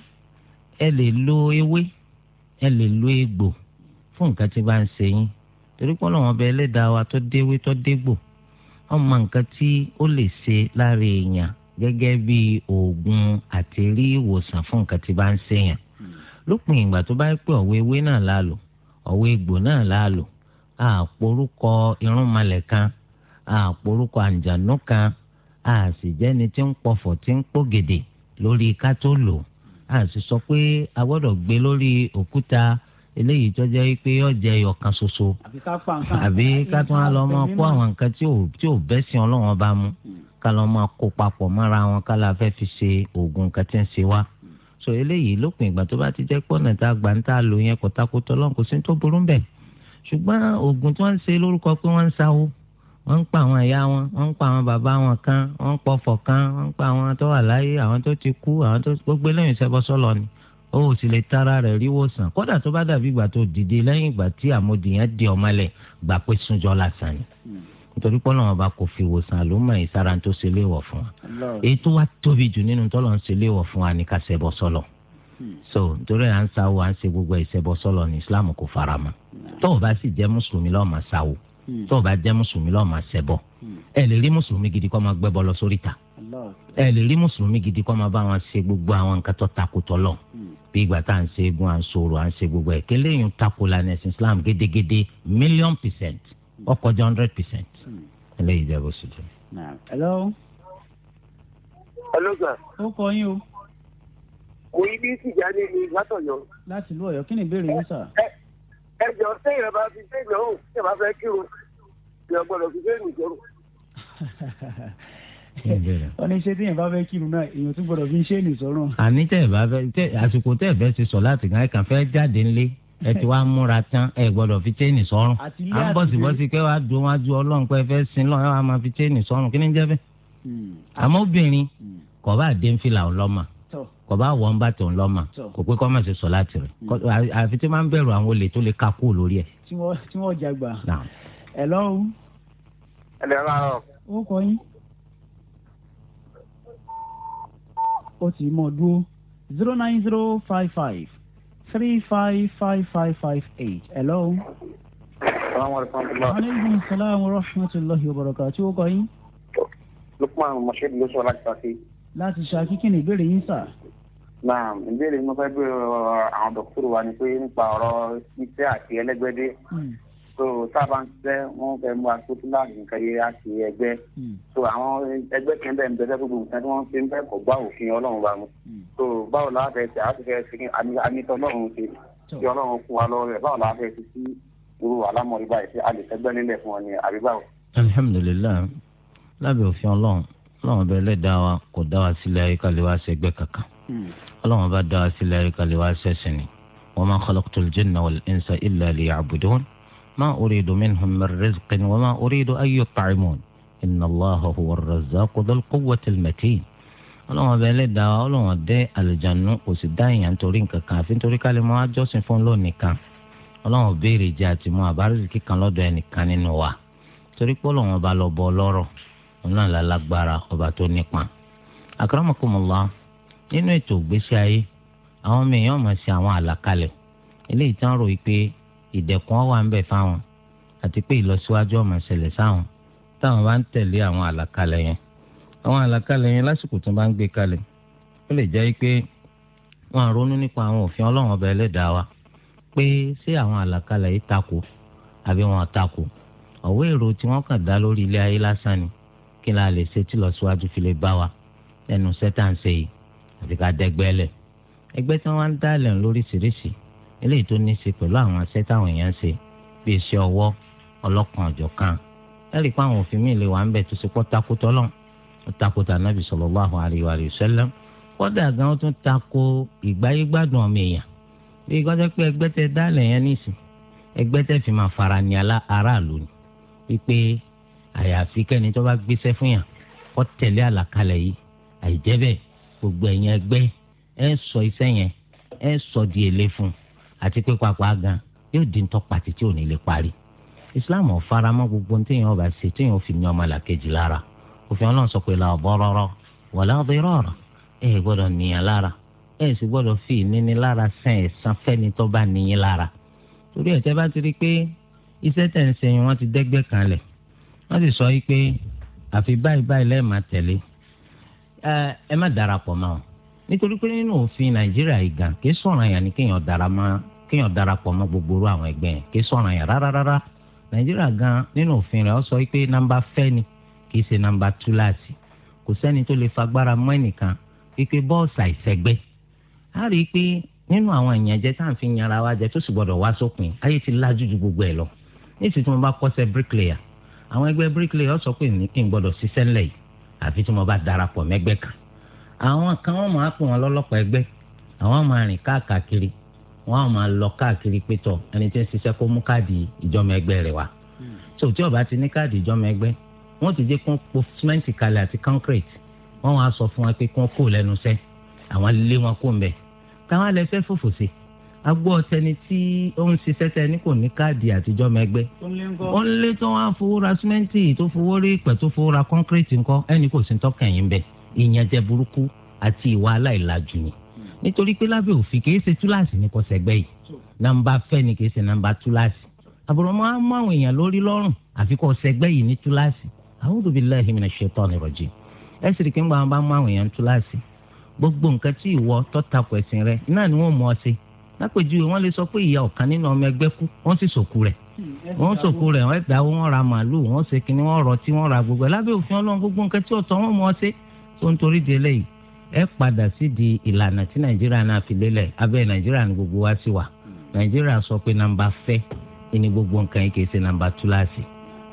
ẹ lè lo ewé ẹ lè lo egbò fún nǹkan tí máa ń ṣe yín torí pé ọlọ́run ọba ẹlẹ́dàá wa tó déwé tó dégbò ọmọ nǹkan tí ó lè ṣe lára èèyàn gẹ́gẹ́ bí oògùn àti rí ìwòsàn fún nǹkan tí bá ń ṣèyàn lópin ìgbà tó bá pè ọ̀wọ́ ewé náà la lò ọ̀wọ́ egbò náà la lò àpòrúkọ irúnmalẹ̀ kan àpòrúkọ àǹjànú kan àṣìjẹ́ni tí ń pọ̀fọ̀ tí ń pògèdè lórí ká tó lò àṣì sọ pé a gbọ́dọ̀ gbé lórí òkúta eléyìí tó jẹ́ pé yóò jẹ́ ẹyọ kan ṣoṣo àbí ká tún á lọ mọ́ kó àwọn nǹkan tí ò bẹ́sìn ọlọ́wọ́n bá mu ká lọ́ máa kó papọ̀ mọ́ra wọn ká la fẹ́ fi ṣe oògùn kan tí ń ṣe wá. sọ eléyìí lópin ìgbà tó bá ti jẹ́ pọ́nà tá a gbà ń tà lò yẹn kò takotọ́ lọ́n kò sí tó burú bẹ̀. ṣùgbọ́n oògùn tí wọ́n ń ṣe lórúkọ pé wọ́n ń sáwó wọ́n ń pa àwọn ẹ̀yà wọn wọ́n ń pa àwọn bàbá wọn kan wọ́n ń pọ̀fọ̀ kan wọ́n ń pa àwọn tó wà láyé àwọn tó ti kú àwọn tó gbogbo lẹ́yìn ìṣẹ́bọ ni ó sì lè tara rẹ̀ ríwó sàn kódà tó bá dàbí ìgbà tó dìde lẹ́yìn ìgbà tí àmọ̀dìyàn di ọmọlẹ̀ gbà pé súnjọ́ lásán ni nítorí pé ọlọ́run ọba kò fi ìwòsàn àlùmọ̀ ìsara tó ṣe léèwọ̀ fún wa èyí tó wá tóbi jù nínú tọ́lọ̀ ń ṣe léèwọ̀ fún wa ní ká ṣẹbọ sọ́lọ̀ so nítorí à ń sáwó à ń ṣe gbogbo ìṣẹbọ sọ́lọ̀ ní islam kò fara mọ́ tó o bá sì jẹ́ mùsùlùmí lọ́ọ́ máa sáwó tó o bá jẹ́ mùsùlùmí lọ́ọ́ máa ṣẹbọ ẹ lè rí mùsùlùmí gidi kó máa gbẹ́bọ lọ sórí ta ẹ lè rí mùsùlùmí gidi kó máa bá wọn ṣe gbogbo àwọn nǹkan tó takò tọ́lọ̀ bí ìgbà tá à ń ṣe eégún à ń ṣòro à ń ṣe gbogbo ẹ̀ kéléyìn takò lànà ẹ̀sìn islam gédégédé million percent ọkọjá hundred percent eléyìí jẹ bó ṣe jẹ. hello. hello sir. ó kọ yín o. mo yí bí sìgá ní mi látọ̀yọ́. láti ìlú Ọ̀yọ́ kí ni ìbéèrè yín sà. ẹ jọ sẹ́yìn bá fi sẹ́yìn náà sẹ́yìn bá fẹ́ kírun ìyá gbọ́dọ̀ fi sẹ́yìn ìjọrò. wọ́n ní ṣé téèyàn bá fẹ́ kírun náà èèyàn tún gbọ́dọ̀ fi ń ṣe é nìsọ́rùn. àní tẹ̀ bá fẹ́ àsìkò tẹ̀ fẹ́ ti sọ láti gan ẹ̀ kàn fẹ́ jáde ńlé ẹ ti wá múra tán ẹ gbọ́dọ̀ fi chain sọ́rùn à ń bọ̀sibọ́sí pé wàá dùn wájú ọlọ́run pé ẹ fẹ́ sin lọ́run ẹ wàá máa fi chain sọ́rùn kí ni jẹ́ bẹ́ẹ̀. Hmm. àmọ́ obìnrin hmm. kò bá dé ńfìlà ọlọ́mà kò bá wọ̀ ń bá tòun lọ́mà kò pé kọ́ máa ṣe sọ láti rẹ̀ hmm. àfi tí máa ń bẹ̀rù àwọn olè tó lè ka kú lórí ẹ̀. tí wọ́n jàgbà ẹ̀ lọ́rùn. ẹ lè ra ọ. ó kọ yín. ó ti mọ̀ dúró zero nine zero five five three five five five five eight. hello. aleykum salaam wa rahmatulahi wa barakati o kọ yín. lukman moshood ló sọ láti ṣáàkì. láti ṣáàkì kí ni ìbéèrè yín sà. náà ìbéèrè mi fẹ́ bí uh, àwọn dókítà wa ni pé nípa ọ̀rọ̀ iṣẹ́ àti ẹlẹ́gbẹ́dẹ́. Hmm so tábà ń ṣiṣẹ́ wọ́n fẹ́ mú aṣojú láàrin kẹyẹ àti ẹgbẹ́ hmm. so àwọn ẹgbẹ́ kan bẹ́ẹ̀ ń bẹ́ẹ̀ fún gbogbo nǹkan tí wọ́n ṣe ń bẹ́ẹ̀ kọ́ gbá òfin ọlọ́run bá mu hmm. so báwo la fẹ́ ṣe àti fẹ́ ṣe anítọ́ ọlọ́run ṣe kí ọlọ́run fún wa lọ́wọ́ rẹ̀ báwo la fẹ́ ṣe sí irú àlámọ̀rí báyìí ṣe àlèṣẹ́gbẹ́ nílẹ̀ fún ọ ní àríbáwò. alhamdulilayi lábẹ́ òfin ọlọ́run ọlọ́run bẹ́ẹ̀ lẹ́dàá ما أريد منهم من رزق وما أريد أن يطعمون إن الله هو الرزاق ذو القوة المتين ọlọ́run ọba ẹlẹ́dàá ọlọ́run ọdẹ àlùjánu kò sì dá èèyàn nítorí nǹkan kan àfi nítorí ká lè mọ àjọsìn fún lónìí kan ọlọ́run béèrè jẹ àti mọ àbáríṣìkì kan lọ́dọ̀ ẹnìkan nínú wa torí pé ọlọ́run ọba lọ́bọ ọlọ́rọ̀ òun náà ọba tó nípa. àkàràmọ̀kùnmọ̀lá nínú ètò ìgbésí ayé àwọn ọmọ máa ṣe àwọn àlàkalẹ̀ eléyìí tán rò yìí pé ìdẹ̀kùn wà ń bẹ̀ fáwọn àti pé ìlọsíwájú ọmọ ṣẹlẹ̀ sáwọn táwọn bá ń tẹ̀lé àwọn àlàkalẹ̀ yẹn àwọn àlàkalẹ̀ yẹn lásìkò tó bá ń gbé kalẹ̀ ó lè jẹ́ pé wọ́n á ronú nípa àwọn òfin ọlọ́run ọba ẹlẹ́dàá wa pé ṣé àwọn àlàkalẹ̀ yìí takò àbí wọn takò ọ̀wọ́ èrò tí wọ́n kàn dá lórí ilé ayé lásán ni kí la lè ṣe tí ìlọsíwájú fi lè bá wa ẹnu sẹ́tàǹsẹ̀ yìí àti ká dẹ́gbẹ́ lẹ̀ ẹgbẹ́ tí wọ́n ń dálẹ̀ lóríṣiríṣi eléyìí tó ní í ṣe pẹ̀lú àwọn aṣẹ́ táwọn èèyàn ṣe bí iṣẹ́ ọwọ́ ọlọ́kan ọ̀jọ̀kan ẹ̀rí pé àwọn òfin mi lè wà ń bẹ̀ tó ṣe pọ́ takò tọ́lọ́ ó takò tànàbì sallallahu alaihi wa sallam kọ́dà gan ó tún takò ìgbáyégbádùn ọmọ èèyàn bí kọ́jà pé ẹgbẹ́ tẹ dálẹ̀ yẹn nísìn ẹgbẹ́ tẹ fi máa fara ní aráàlú ni wípé àyàfi kẹ́ni tó bá gbéṣẹ́ fún yàn kó tẹ̀lé àlàkalẹ̀ yìí àìjẹ́ bẹ́ẹ̀ gbogbo ẹ̀yìn ẹgbẹ́ ẹ sọ iṣẹ́ yẹn ẹ sọ di èlé fún un àti pínpapá agan yóò di ntọ́pàtì tí ò ní lè parí islam ò faramọ́ gbogbo téèyàn bá ṣe téèyàn fi ní ọmọ làkejì lára òfin ọlọ́run sọ pé la darara wala dirara ẹ gbọ́dọ̀ níyàn lára ẹ sì gbọ́dọ̀ fi ìníní lára sàn ẹ̀sán fẹ́ni tó bá níyìn lára torí ẹ̀ tẹ́ bá ti rí i pé iṣẹ́ tẹ̀ ń sẹ́yìn wọ́n ti dẹ́gbẹ́ kan lẹ̀ wọ́n sì sọ yìí pé àfi báyìí báyìí lẹ́ẹ̀ máa tẹ̀lé ẹ má darapọ̀ mọ́ nítorí pé nínú òfin nàìjíríà ìgàn kì í sọ̀rọ̀ àyàn ni kéèyàn dara mọ́ kéèyàn darapọ̀ mọ́ gbogbo orú àwọn ẹgbẹ́ yẹn kì í sọ̀rọ̀ àyàn rárá rárá nàìjíríà gan nínú òfin rẹ̀ ó sọ pé nọ́mbà fẹ́ ni kì í ṣe nọ́mbà túláàsì kò sẹ́ni tó lè fagbára mọ́ ẹnìkan pípé bọ́ọ̀sì àìsẹ́gbẹ́ á rí i pé nínú àwọn ìyànjẹ tá à ń fi yanra wa jẹ tó sì gbọdọ̀ wá sópin ayé ti lájú ju gbogbo ẹ̀ lọ n àwọn kan wọ́n máa pè wọ́n lọ́lọ́pàá ẹgbẹ́ àwọn máa rìn káàkiri wọ́n máa lọ káàkiri pétọ̀ ẹni tí ń ṣiṣẹ́ kó mú káàdì ìjọmọ ẹgbẹ́ rẹ̀ wá. tó tí ó ti ní káàdì ìjọmọ ẹgbẹ́ wọ́n ti jẹ́ kó po símẹ́ǹtì kalẹ̀ àti concrete wọ́n wá sọ fún wa pé kó kó lẹ́nu sẹ́ àwọn lé wọn kó mbẹ́ táwọn alẹ́ fẹ́ fòfò sí agbó ọtẹni tí ó ń ṣiṣẹ́ tẹni kò ní káàdì àtijọ́ mẹ́gbẹ́ ó ń lé tó wá fowó ra símẹ́ǹtì tó fowó rí pẹ̀ tó fowó ra kọ́ńkírẹ́tì ńkọ́ ẹni kò sí tọ́kẹ̀yìn bẹ́ẹ̀ ìyànjẹ burúkú àti ìwà aláìlàjú ni nítorí pé lábẹ́ òfin kìí ṣe túláàsì ní kò yìí nàmbà fẹ́ ni kìí ṣe nàmbà túláàsì àbúrò máa ń mú àwọn èèyàn lórí lọ́rùn àfi kò sẹ́gbẹ́ yìí ní túláàsì a'udhu billahi minash shaitanir rajim ẹ sì rí kí n gbà bá mú àwọn èèyàn túláàsì gbogbo nǹkan tí ìwọ tọ́takù ẹ̀sìn rẹ náà ni wọ́n mú ọ sí lápèjúwe wọ́n lè sọ pé ìyá ọ̀kan nínú ọmọ ẹgbẹ́ kú wọ́n sì sòkú rẹ̀ wọ́n sòkú rẹ̀ wọ́n ẹ̀dáwó wọ́n ra màálù wọ́n ṣe kinní wọ́n rọtí wọ́n ra gbogbo ẹ̀ lábẹ́ òfin ọlọ́run gbogbo nǹkan tí ọ̀tọ̀ wọ́n mú ọ sí tó ń torí di eléyìí ẹ padà sídìí ìlànà tí nàìjíríà náà fi lélẹ̀ abẹ́ nàìjíríà ni gbogbo wa sì wà nàìjíríà sọ pé nàmbà fẹ́ ẹni gbogbo nǹkan yìí kì í ṣe nàmbà túláàsì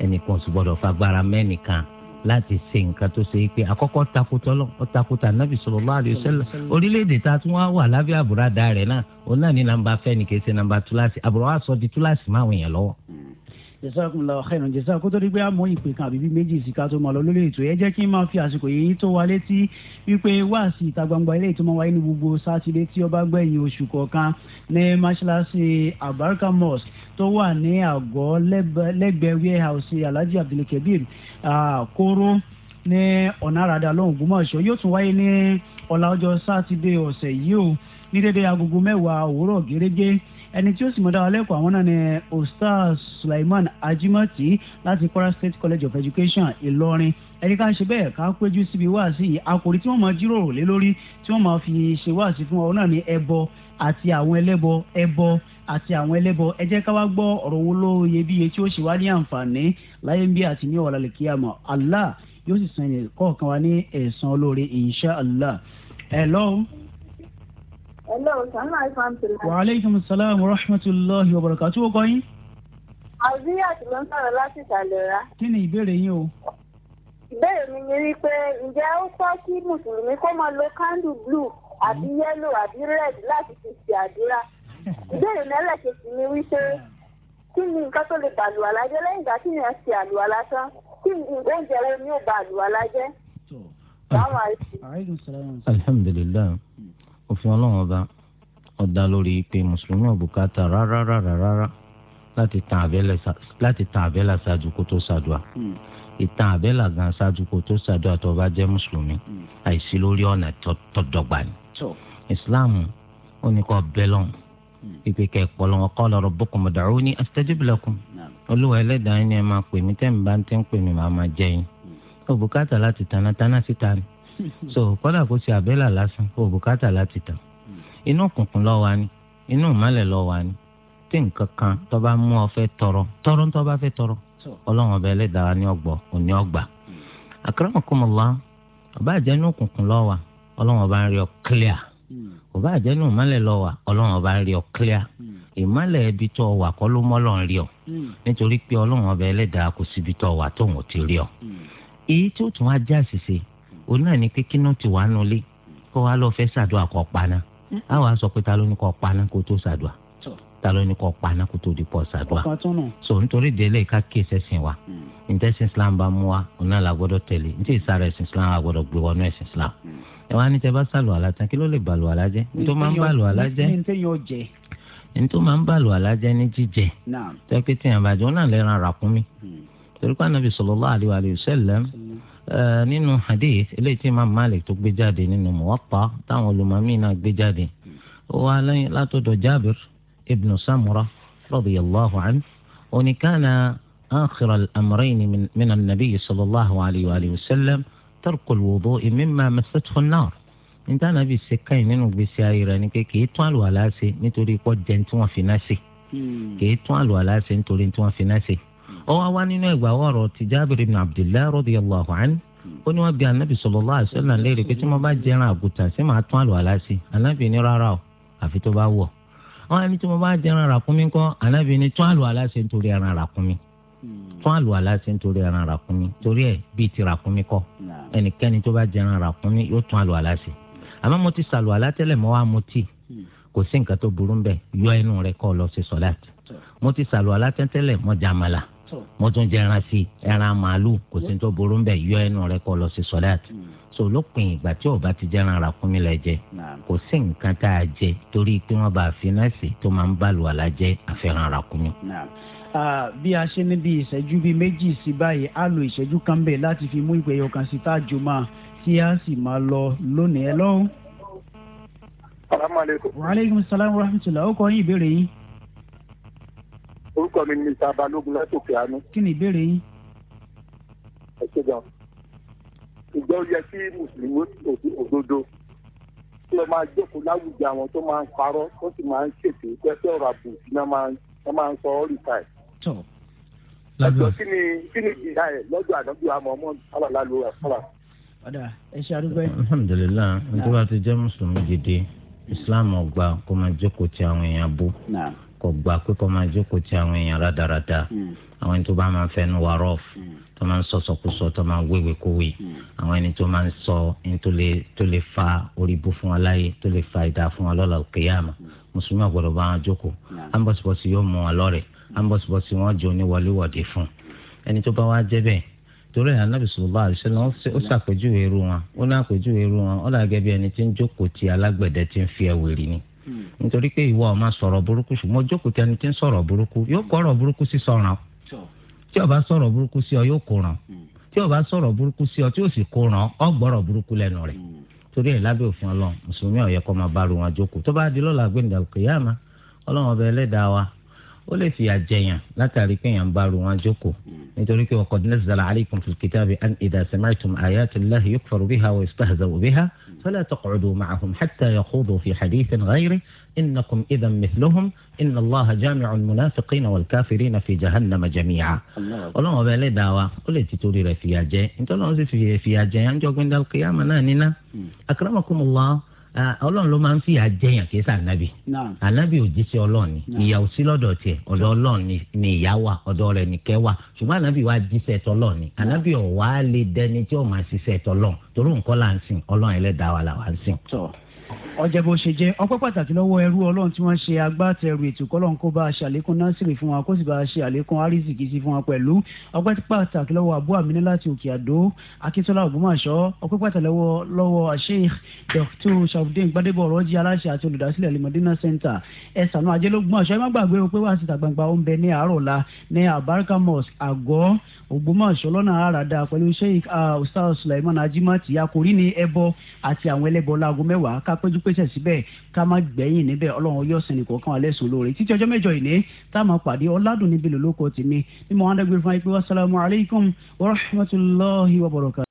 ẹnìkan sì gbọdọ̀ fagbára mẹ́nìkan láti ṣe nǹkan tó ṣe pé àkọ́kọ́ takutọ́lọ́ ọ̀takuta nàbì sallallahu alaihi wasallam orílẹ̀-èdè tá a tún wá wà lábẹ́ àbúradà rẹ̀ náà òun náà ní nàmbà fẹ́ ni kì í ṣe nàmbà túláàsì àbúrò wa sọ di túláàsì máa wọ̀nyẹn lọ́wọ́ jazakumullahu khairan jésà kó tó di pé a mọ ìpè kan àbíbí méjì sí ká tó máa lọ lórí ètò ẹ jẹ́ kí n máa fi àsìkò yìí tó wa létí wípé wáàsí ìta gbangba ilé ìtumọ̀ wáyé ní gbogbo sátidé tí ó bá gbẹ̀yìn oṣù kọ̀ọ̀kan ní mọ́ṣáláṣí abarika mosque tó wà ní àgọ́ lẹ́gbẹ̀ẹ́ warehouse alhaji abdulkabir kóró ní ọ̀nà àràdà lọ́hùn gbọ́mọ̀ṣọ́ yóò tún wáyé ní ọ̀la sátidé ọ̀sẹ̀ yìí ẹni tí ó sì mọ̀ dá wa àwọn náà ni Ustaz Sulaiman Ajimati láti Kwara State College of Education Ìlọrin ẹni ká ń ṣe bẹ́ẹ̀ ká péjú síbi wáàsí àkòrí tí wọ́n máa jíròrò lé lórí tí wọ́n máa fi ṣe wáàsí fún wa náà ni ẹbọ àti àwọn ẹlẹ́bọ ẹbọ àti àwọn ẹlẹ́bọ ẹ ká wá gbọ́ ọ̀rọ̀ wo ló iyebíye tí ó ṣe wá ní àǹfààní láyé ń bí àti ní ọ̀la lẹ́kíyàmọ̀ Allah yóò sì san ẹnì kọ̀ọ̀kan wa ní ẹ̀san olóore insha Allah. Hello wa aleykum salaam wa rahmatulahi wa barakatu o kọ yín. àzíyàtì ló ń sọ̀rọ̀ láti ìsàlẹ̀ra. kí ni ìbéèrè yín o. ìbéèrè mi ni wípé ǹjẹ́ ó tọ́ kí mùsùlùmí kó máa lo kándù blue àbí hmm. yẹ́lò àbí rẹ́ẹ̀dì láti fi ṣe àdúrà. ìbéèrè mẹ́lẹ̀ kejì ni wípé kí ni nǹkan tó lè bàlùwàlá jẹ́ lẹ́yìn ìgbà tí èèyàn ṣe àlùwàlá tán kí oúnjẹ wo ni ó bàlùwàlá jẹ́. alhamdulilayi òfin ọlọ́run ọba ọ̀dà lórí pé mùsùlùmí ọ̀bùkátà rárá rárá rárá láti tan àbẹ́là ṣáájú kó tó ṣàdúà hmm. ìtàn àbẹ́là gan ṣáájú kó tó ṣàdúà tó bá jẹ́ mùsùlùmí hmm. àìsí lórí ọ̀nà tọ́dọ̀gba ni. islam ó ní kó bẹ́lọ̀n ìpè hmm. kẹ́kọ̀ọ́ lọ́wọ́ qala rabbukum ud'uni astajib lakum olúwa ẹlẹ́dàá ni ẹ máa pè mí tẹ́ mi bá ń tẹ́ ń pè mí màá máa jẹ́ yín ọ̀bùkátà láti tanátánásíta ni so kọ́dà kó ṣe àbẹ́là lásán kó bùkátà láti tàn inú òkùnkùn ló wà ni inú ìmọ́lẹ̀ ló wà ni tí nǹkan kan tó bá mú ọ fẹ́ tọrọ tọrọ tó bá fẹ́ tọrọ ọlọ́run ọba ẹlẹ́dàá ní ọgbọ́ òní ọgbà hmm. akramakumullah ọba àjẹnú òkùnkùn ló wà ọlọ́run ọba ń rí ọ clear ọba hmm. àjẹnú ìmọ́lẹ̀ ló wà ọlọ́run ọba ń rí ọ clear hmm. ìmọ́lẹ̀ ibi tó wà kọ́ ló mọ́ lọ́n rí ọ nítorí pé ọlọ́run ọba ẹlẹ́dàá kò síbi tó wà tóun ò ti rí ọ èyí tó tún á já òun náà ni pé kínú ti wà nù lé kó wa lọ fẹ́ ṣàdúrà kó paná mm-hmm. á wàá sọ pé ta ló ní kó paná kó tó ṣàdúrà ta ló ní kó paná kó tó di pọ̀ ṣàdúrà so nítorí délé ká kí ẹsẹ̀sìn wa níta mm. ẹ̀sìn Islam bá mú wa òun náà la gbọ́dọ̀ tẹ̀lé níta ìsára ẹ̀sìn Islam wa gbọ́dọ̀ gbé wọnú ẹ̀sìn Islam mm. ẹ wá ní tẹ bá sàlù àlàtàn kí ló lè bàlù àlàjẹ nítorí máa ń bàlù àlàjẹ nítorí máa ń bàlù àlàjẹ ní jíjẹ tẹ́kítì àbàjọ́ náà lẹ́ran ràkúnmí mm. torí pé Ànábì sallallahu alaihi wa sallam Eh, nínú hadith eléyìí tí imam malik tó gbé jáde nínú muwatta táwọn olùmọ̀mí náà gbé jáde ó wá látọ̀dọ̀ jabir ibn samura radiyallahu anhu oníkànnà آخر الأمرين من, من النبي صلى الله عليه وآله وسلم ترك الوضوء مما مسته النار níta nàbì ṣe káyìn nínú gbèsè ayé rẹ ni pé kìí tún àlùwàlá ṣe nítorí pọ́ jẹun tí wọ́n fi náà ṣe hmm. kìí tún àlùwàlá ṣe nítorí tí wọ́n fi náà ṣe ọwọ́ wá nínú ẹ̀gbà ọ̀rọ̀ ti jábìrì ibn abdullahi radiyallahu anhu ó ní wọ́n bi anabi sallallahu alaihi wasallam léèrè pé tí wọ́n bá jẹran àgùntàn sí màá tún àlùwàlá sí anabi ní rárá o àfi tó bá wọ̀ wọ́n á ní tí wọ́n bá jẹran ràkúnmí kọ́ anabi ní tún àlùwàlá sí nítorí ẹran ràkúnmí tún àlùwàlá sí nítorí ẹran ràkúnmí torí ẹ̀ bíi ti ràkúnmí kọ́ ẹnikẹ́ni tó bá jẹran ràkúnmí yóò tún àlùwàlá sí àmọ́ mo ti sàlùwàlá tẹ́lẹ̀ mọ́ wá mo tì kò sí nǹkan tó burú bẹ́ẹ̀ yọ ẹnu rẹ kọ́ lọ sí sọ́láàtì wọ́n tún jẹ ẹran sí ẹran màálù kò sí tó burú bẹ́ẹ̀ yọ ẹnu rẹ kọ́ lọ sí sọ́láàtì mm. so lópin ìgbà tí ò bá ti jẹ́ ẹran ràkúnmí lẹ jẹ kò sí nǹkan tá a jẹ torí pé wọ́n bá fi náà sí tó máa ń bá lu àlàjẹ àfẹ́ràn ràkúnmí. bí a ṣe ní ìṣẹ́jú bíi méjì sí báyìí á lo ìṣẹ́jú kan bẹ́ẹ̀ láti fi mú ìpè yọkan sí tá máa tí a sì máa lọ lónìí ẹ lọ́wọ́. salaamaleykum. wàhálà orúkọ mi ni mr balógun látòkè àánú. kí ni ìbéèrè yín. ẹ ṣe gan. ìjọ yẹ kí mùsùlùmí òdodo tí wọ́n máa jókòó láwùjọ àwọn tó máa ń parọ́ tó sì máa ń ṣètò pẹ́pẹ́ ọ̀rọ̀ àbùkù náà máa ń sọ ọ́ rìkà ẹ̀. tọ́ lábẹ́ kí ni kí ni ìyá ẹ̀ lọ́jọ́ àdọ́jú àmọ́ ọmọ alàlá ló rà ọ̀dà ẹ ṣe àdúgbò ẹ̀. alhamdulilayi nítorí àti jẹ́ mùsùlùmí gidi islam ọgbà kó máa jókòó ti àwọn èèyàn kò gbà pé kò máa jókòó ti àwọn èèyàn rádaràda hmm. àwọn ẹni tó bá máa fẹnu wà rọf hmm. tó máa ń sọsọkúsọ tó máa ń wéwè kówè hmm. àwọn ẹni tó máa ń sọ ẹni tó lè fa orí bú fún wa láyé tó lè fa ìdá fún wa lọ́la òkèèyàmà mùsùlùmí àgbọ̀dọ̀ bá wọn jókòó ambọ̀sibọ̀sì yóò mú wa lọ́rẹ̀ ambọ̀sibọ̀sì wọn jọ oníwọléwọ̀de fún ẹni tó bá wá jẹ́ bẹ́ẹ̀ torí ẹ̀ anábì sọ̀rọ̀ àṣẹlẹ̀ ó ṣàpèjúwe irú wọn ó ní àpèjúwe irú wọn ó làgẹ́ bí ẹni tí ń jókòó ti alágbẹ̀dẹ tí ń fi ẹ̀wẹ̀rì ni Hmm. nítorí pé ìwọ ọmọ sọ̀rọ̀ burúkú ṣùgbọ́n jókòó tí ẹni tí ń sọ̀rọ̀ burúkú yóò kọ́ ọ̀rọ̀ burúkú sí sọ̀ràn tí ó bá sọ̀rọ̀ burúkú sí ọ yóò kó ràn hmm. tí ó bá sọ̀rọ̀ burúkú sí ọ tí ó sì kó ràn ọ gbọ́rọ̀ burúkú lẹ́nu rẹ̀ hmm. torí ẹ̀ lábẹ́ òfin ọlọ́run mùsùlùmí ó yẹ máa bá ru wọn jókòó tó bá di lọ́la gbẹ̀ndàkìyàmá ọlọ́run ọba ẹlẹ́dàá wa ó lè fìyà jẹyàn látàrí pé yàn ń bá ru wọn jókòó nítorí pé waqad nazzala alaykum fil kitabi an ida idha sami'tum ayati Allahi yukfaru biha wa yustahza'u biha fala taq'udu ma'ahum hatta yakhudu fi hadithin ghayrihi innakum idhan mithluhum inna Allaha jami'ul munafiqina wal kafiri na fi jahannama jami'a. ọlọ́run ọba lè wa ó lè ti torí rẹ̀ fìyà jẹ nítorí wọn sì fìyà jẹ yàn jọ gbẹ́ndàlùkìyàmà náà níná akramakumullah ọlọ́run ló máa ń fìyà jẹyàn kí sàn nábì ànábì ò jíṣẹ́ ọlọ́run ni ìyà ò sí lọ́dọ̀ tiẹ̀ ọ̀dọ̀ ọlọ́run ni ìyà wà ọ̀dọ̀ rẹ̀ nìkẹ́ wà ṣùgbọ́n ànábì wa jíṣẹ́ tọ́lọ́run ni ànábì ò wá lè dẹni tí ó máa ṣiṣẹ́ tọ́lọ́run torí nǹkan là ń sìn ọlọ́run ẹlẹ́dàá wa là wá ń sìn ọjẹ́ bó ṣe jẹ́ ọpẹ́ pàtàkì lọ́wọ́ ẹrú ọlọ́run tí wọ́n ṣe agbátẹrù ètò kọ́lọ́n kó bá a ṣàlékún násìrì fún wa kó sì bá a ṣe àlékún àrísìkì sí fún wa pẹ̀lú ọpẹ́ pàtàkì lọ́wọ́ abu aminu láti òkè àdó akíntola ògbómọ̀ṣọ́ ọpẹ́ pàtàkì lọ́wọ́ sheikh dr shabudin gbadebo ọ̀rọ̀jì aláṣẹ àti olùdásílẹ̀ limodina center ẹ̀sánú ajẹ́lógbòmọ̀ṣọ́ ẹ má gbàgbé pé wá síta gbangba ó ń bẹ ní àárọ̀ la ní abarika mosque àgọ́ ògbómọ̀ṣọ́ lọ́nà àràdà pẹ̀lú sheikh ah, ustaz sulaiman ká péjú pésẹ̀ síbẹ̀ ká má gbẹ̀yìn níbẹ̀ ọlọ́run yóò sin nìkan kan alẹ́ sùn lóore títí ọjọ́ mẹ́jọ ìní tá a máa pàdé ọ̀làdùn níbi lòlóko tèmi ní mo hàn dẹ́gbẹ́ fún wa pé wàsálàmù alaykum wa rahmatulahi wa barakatuh.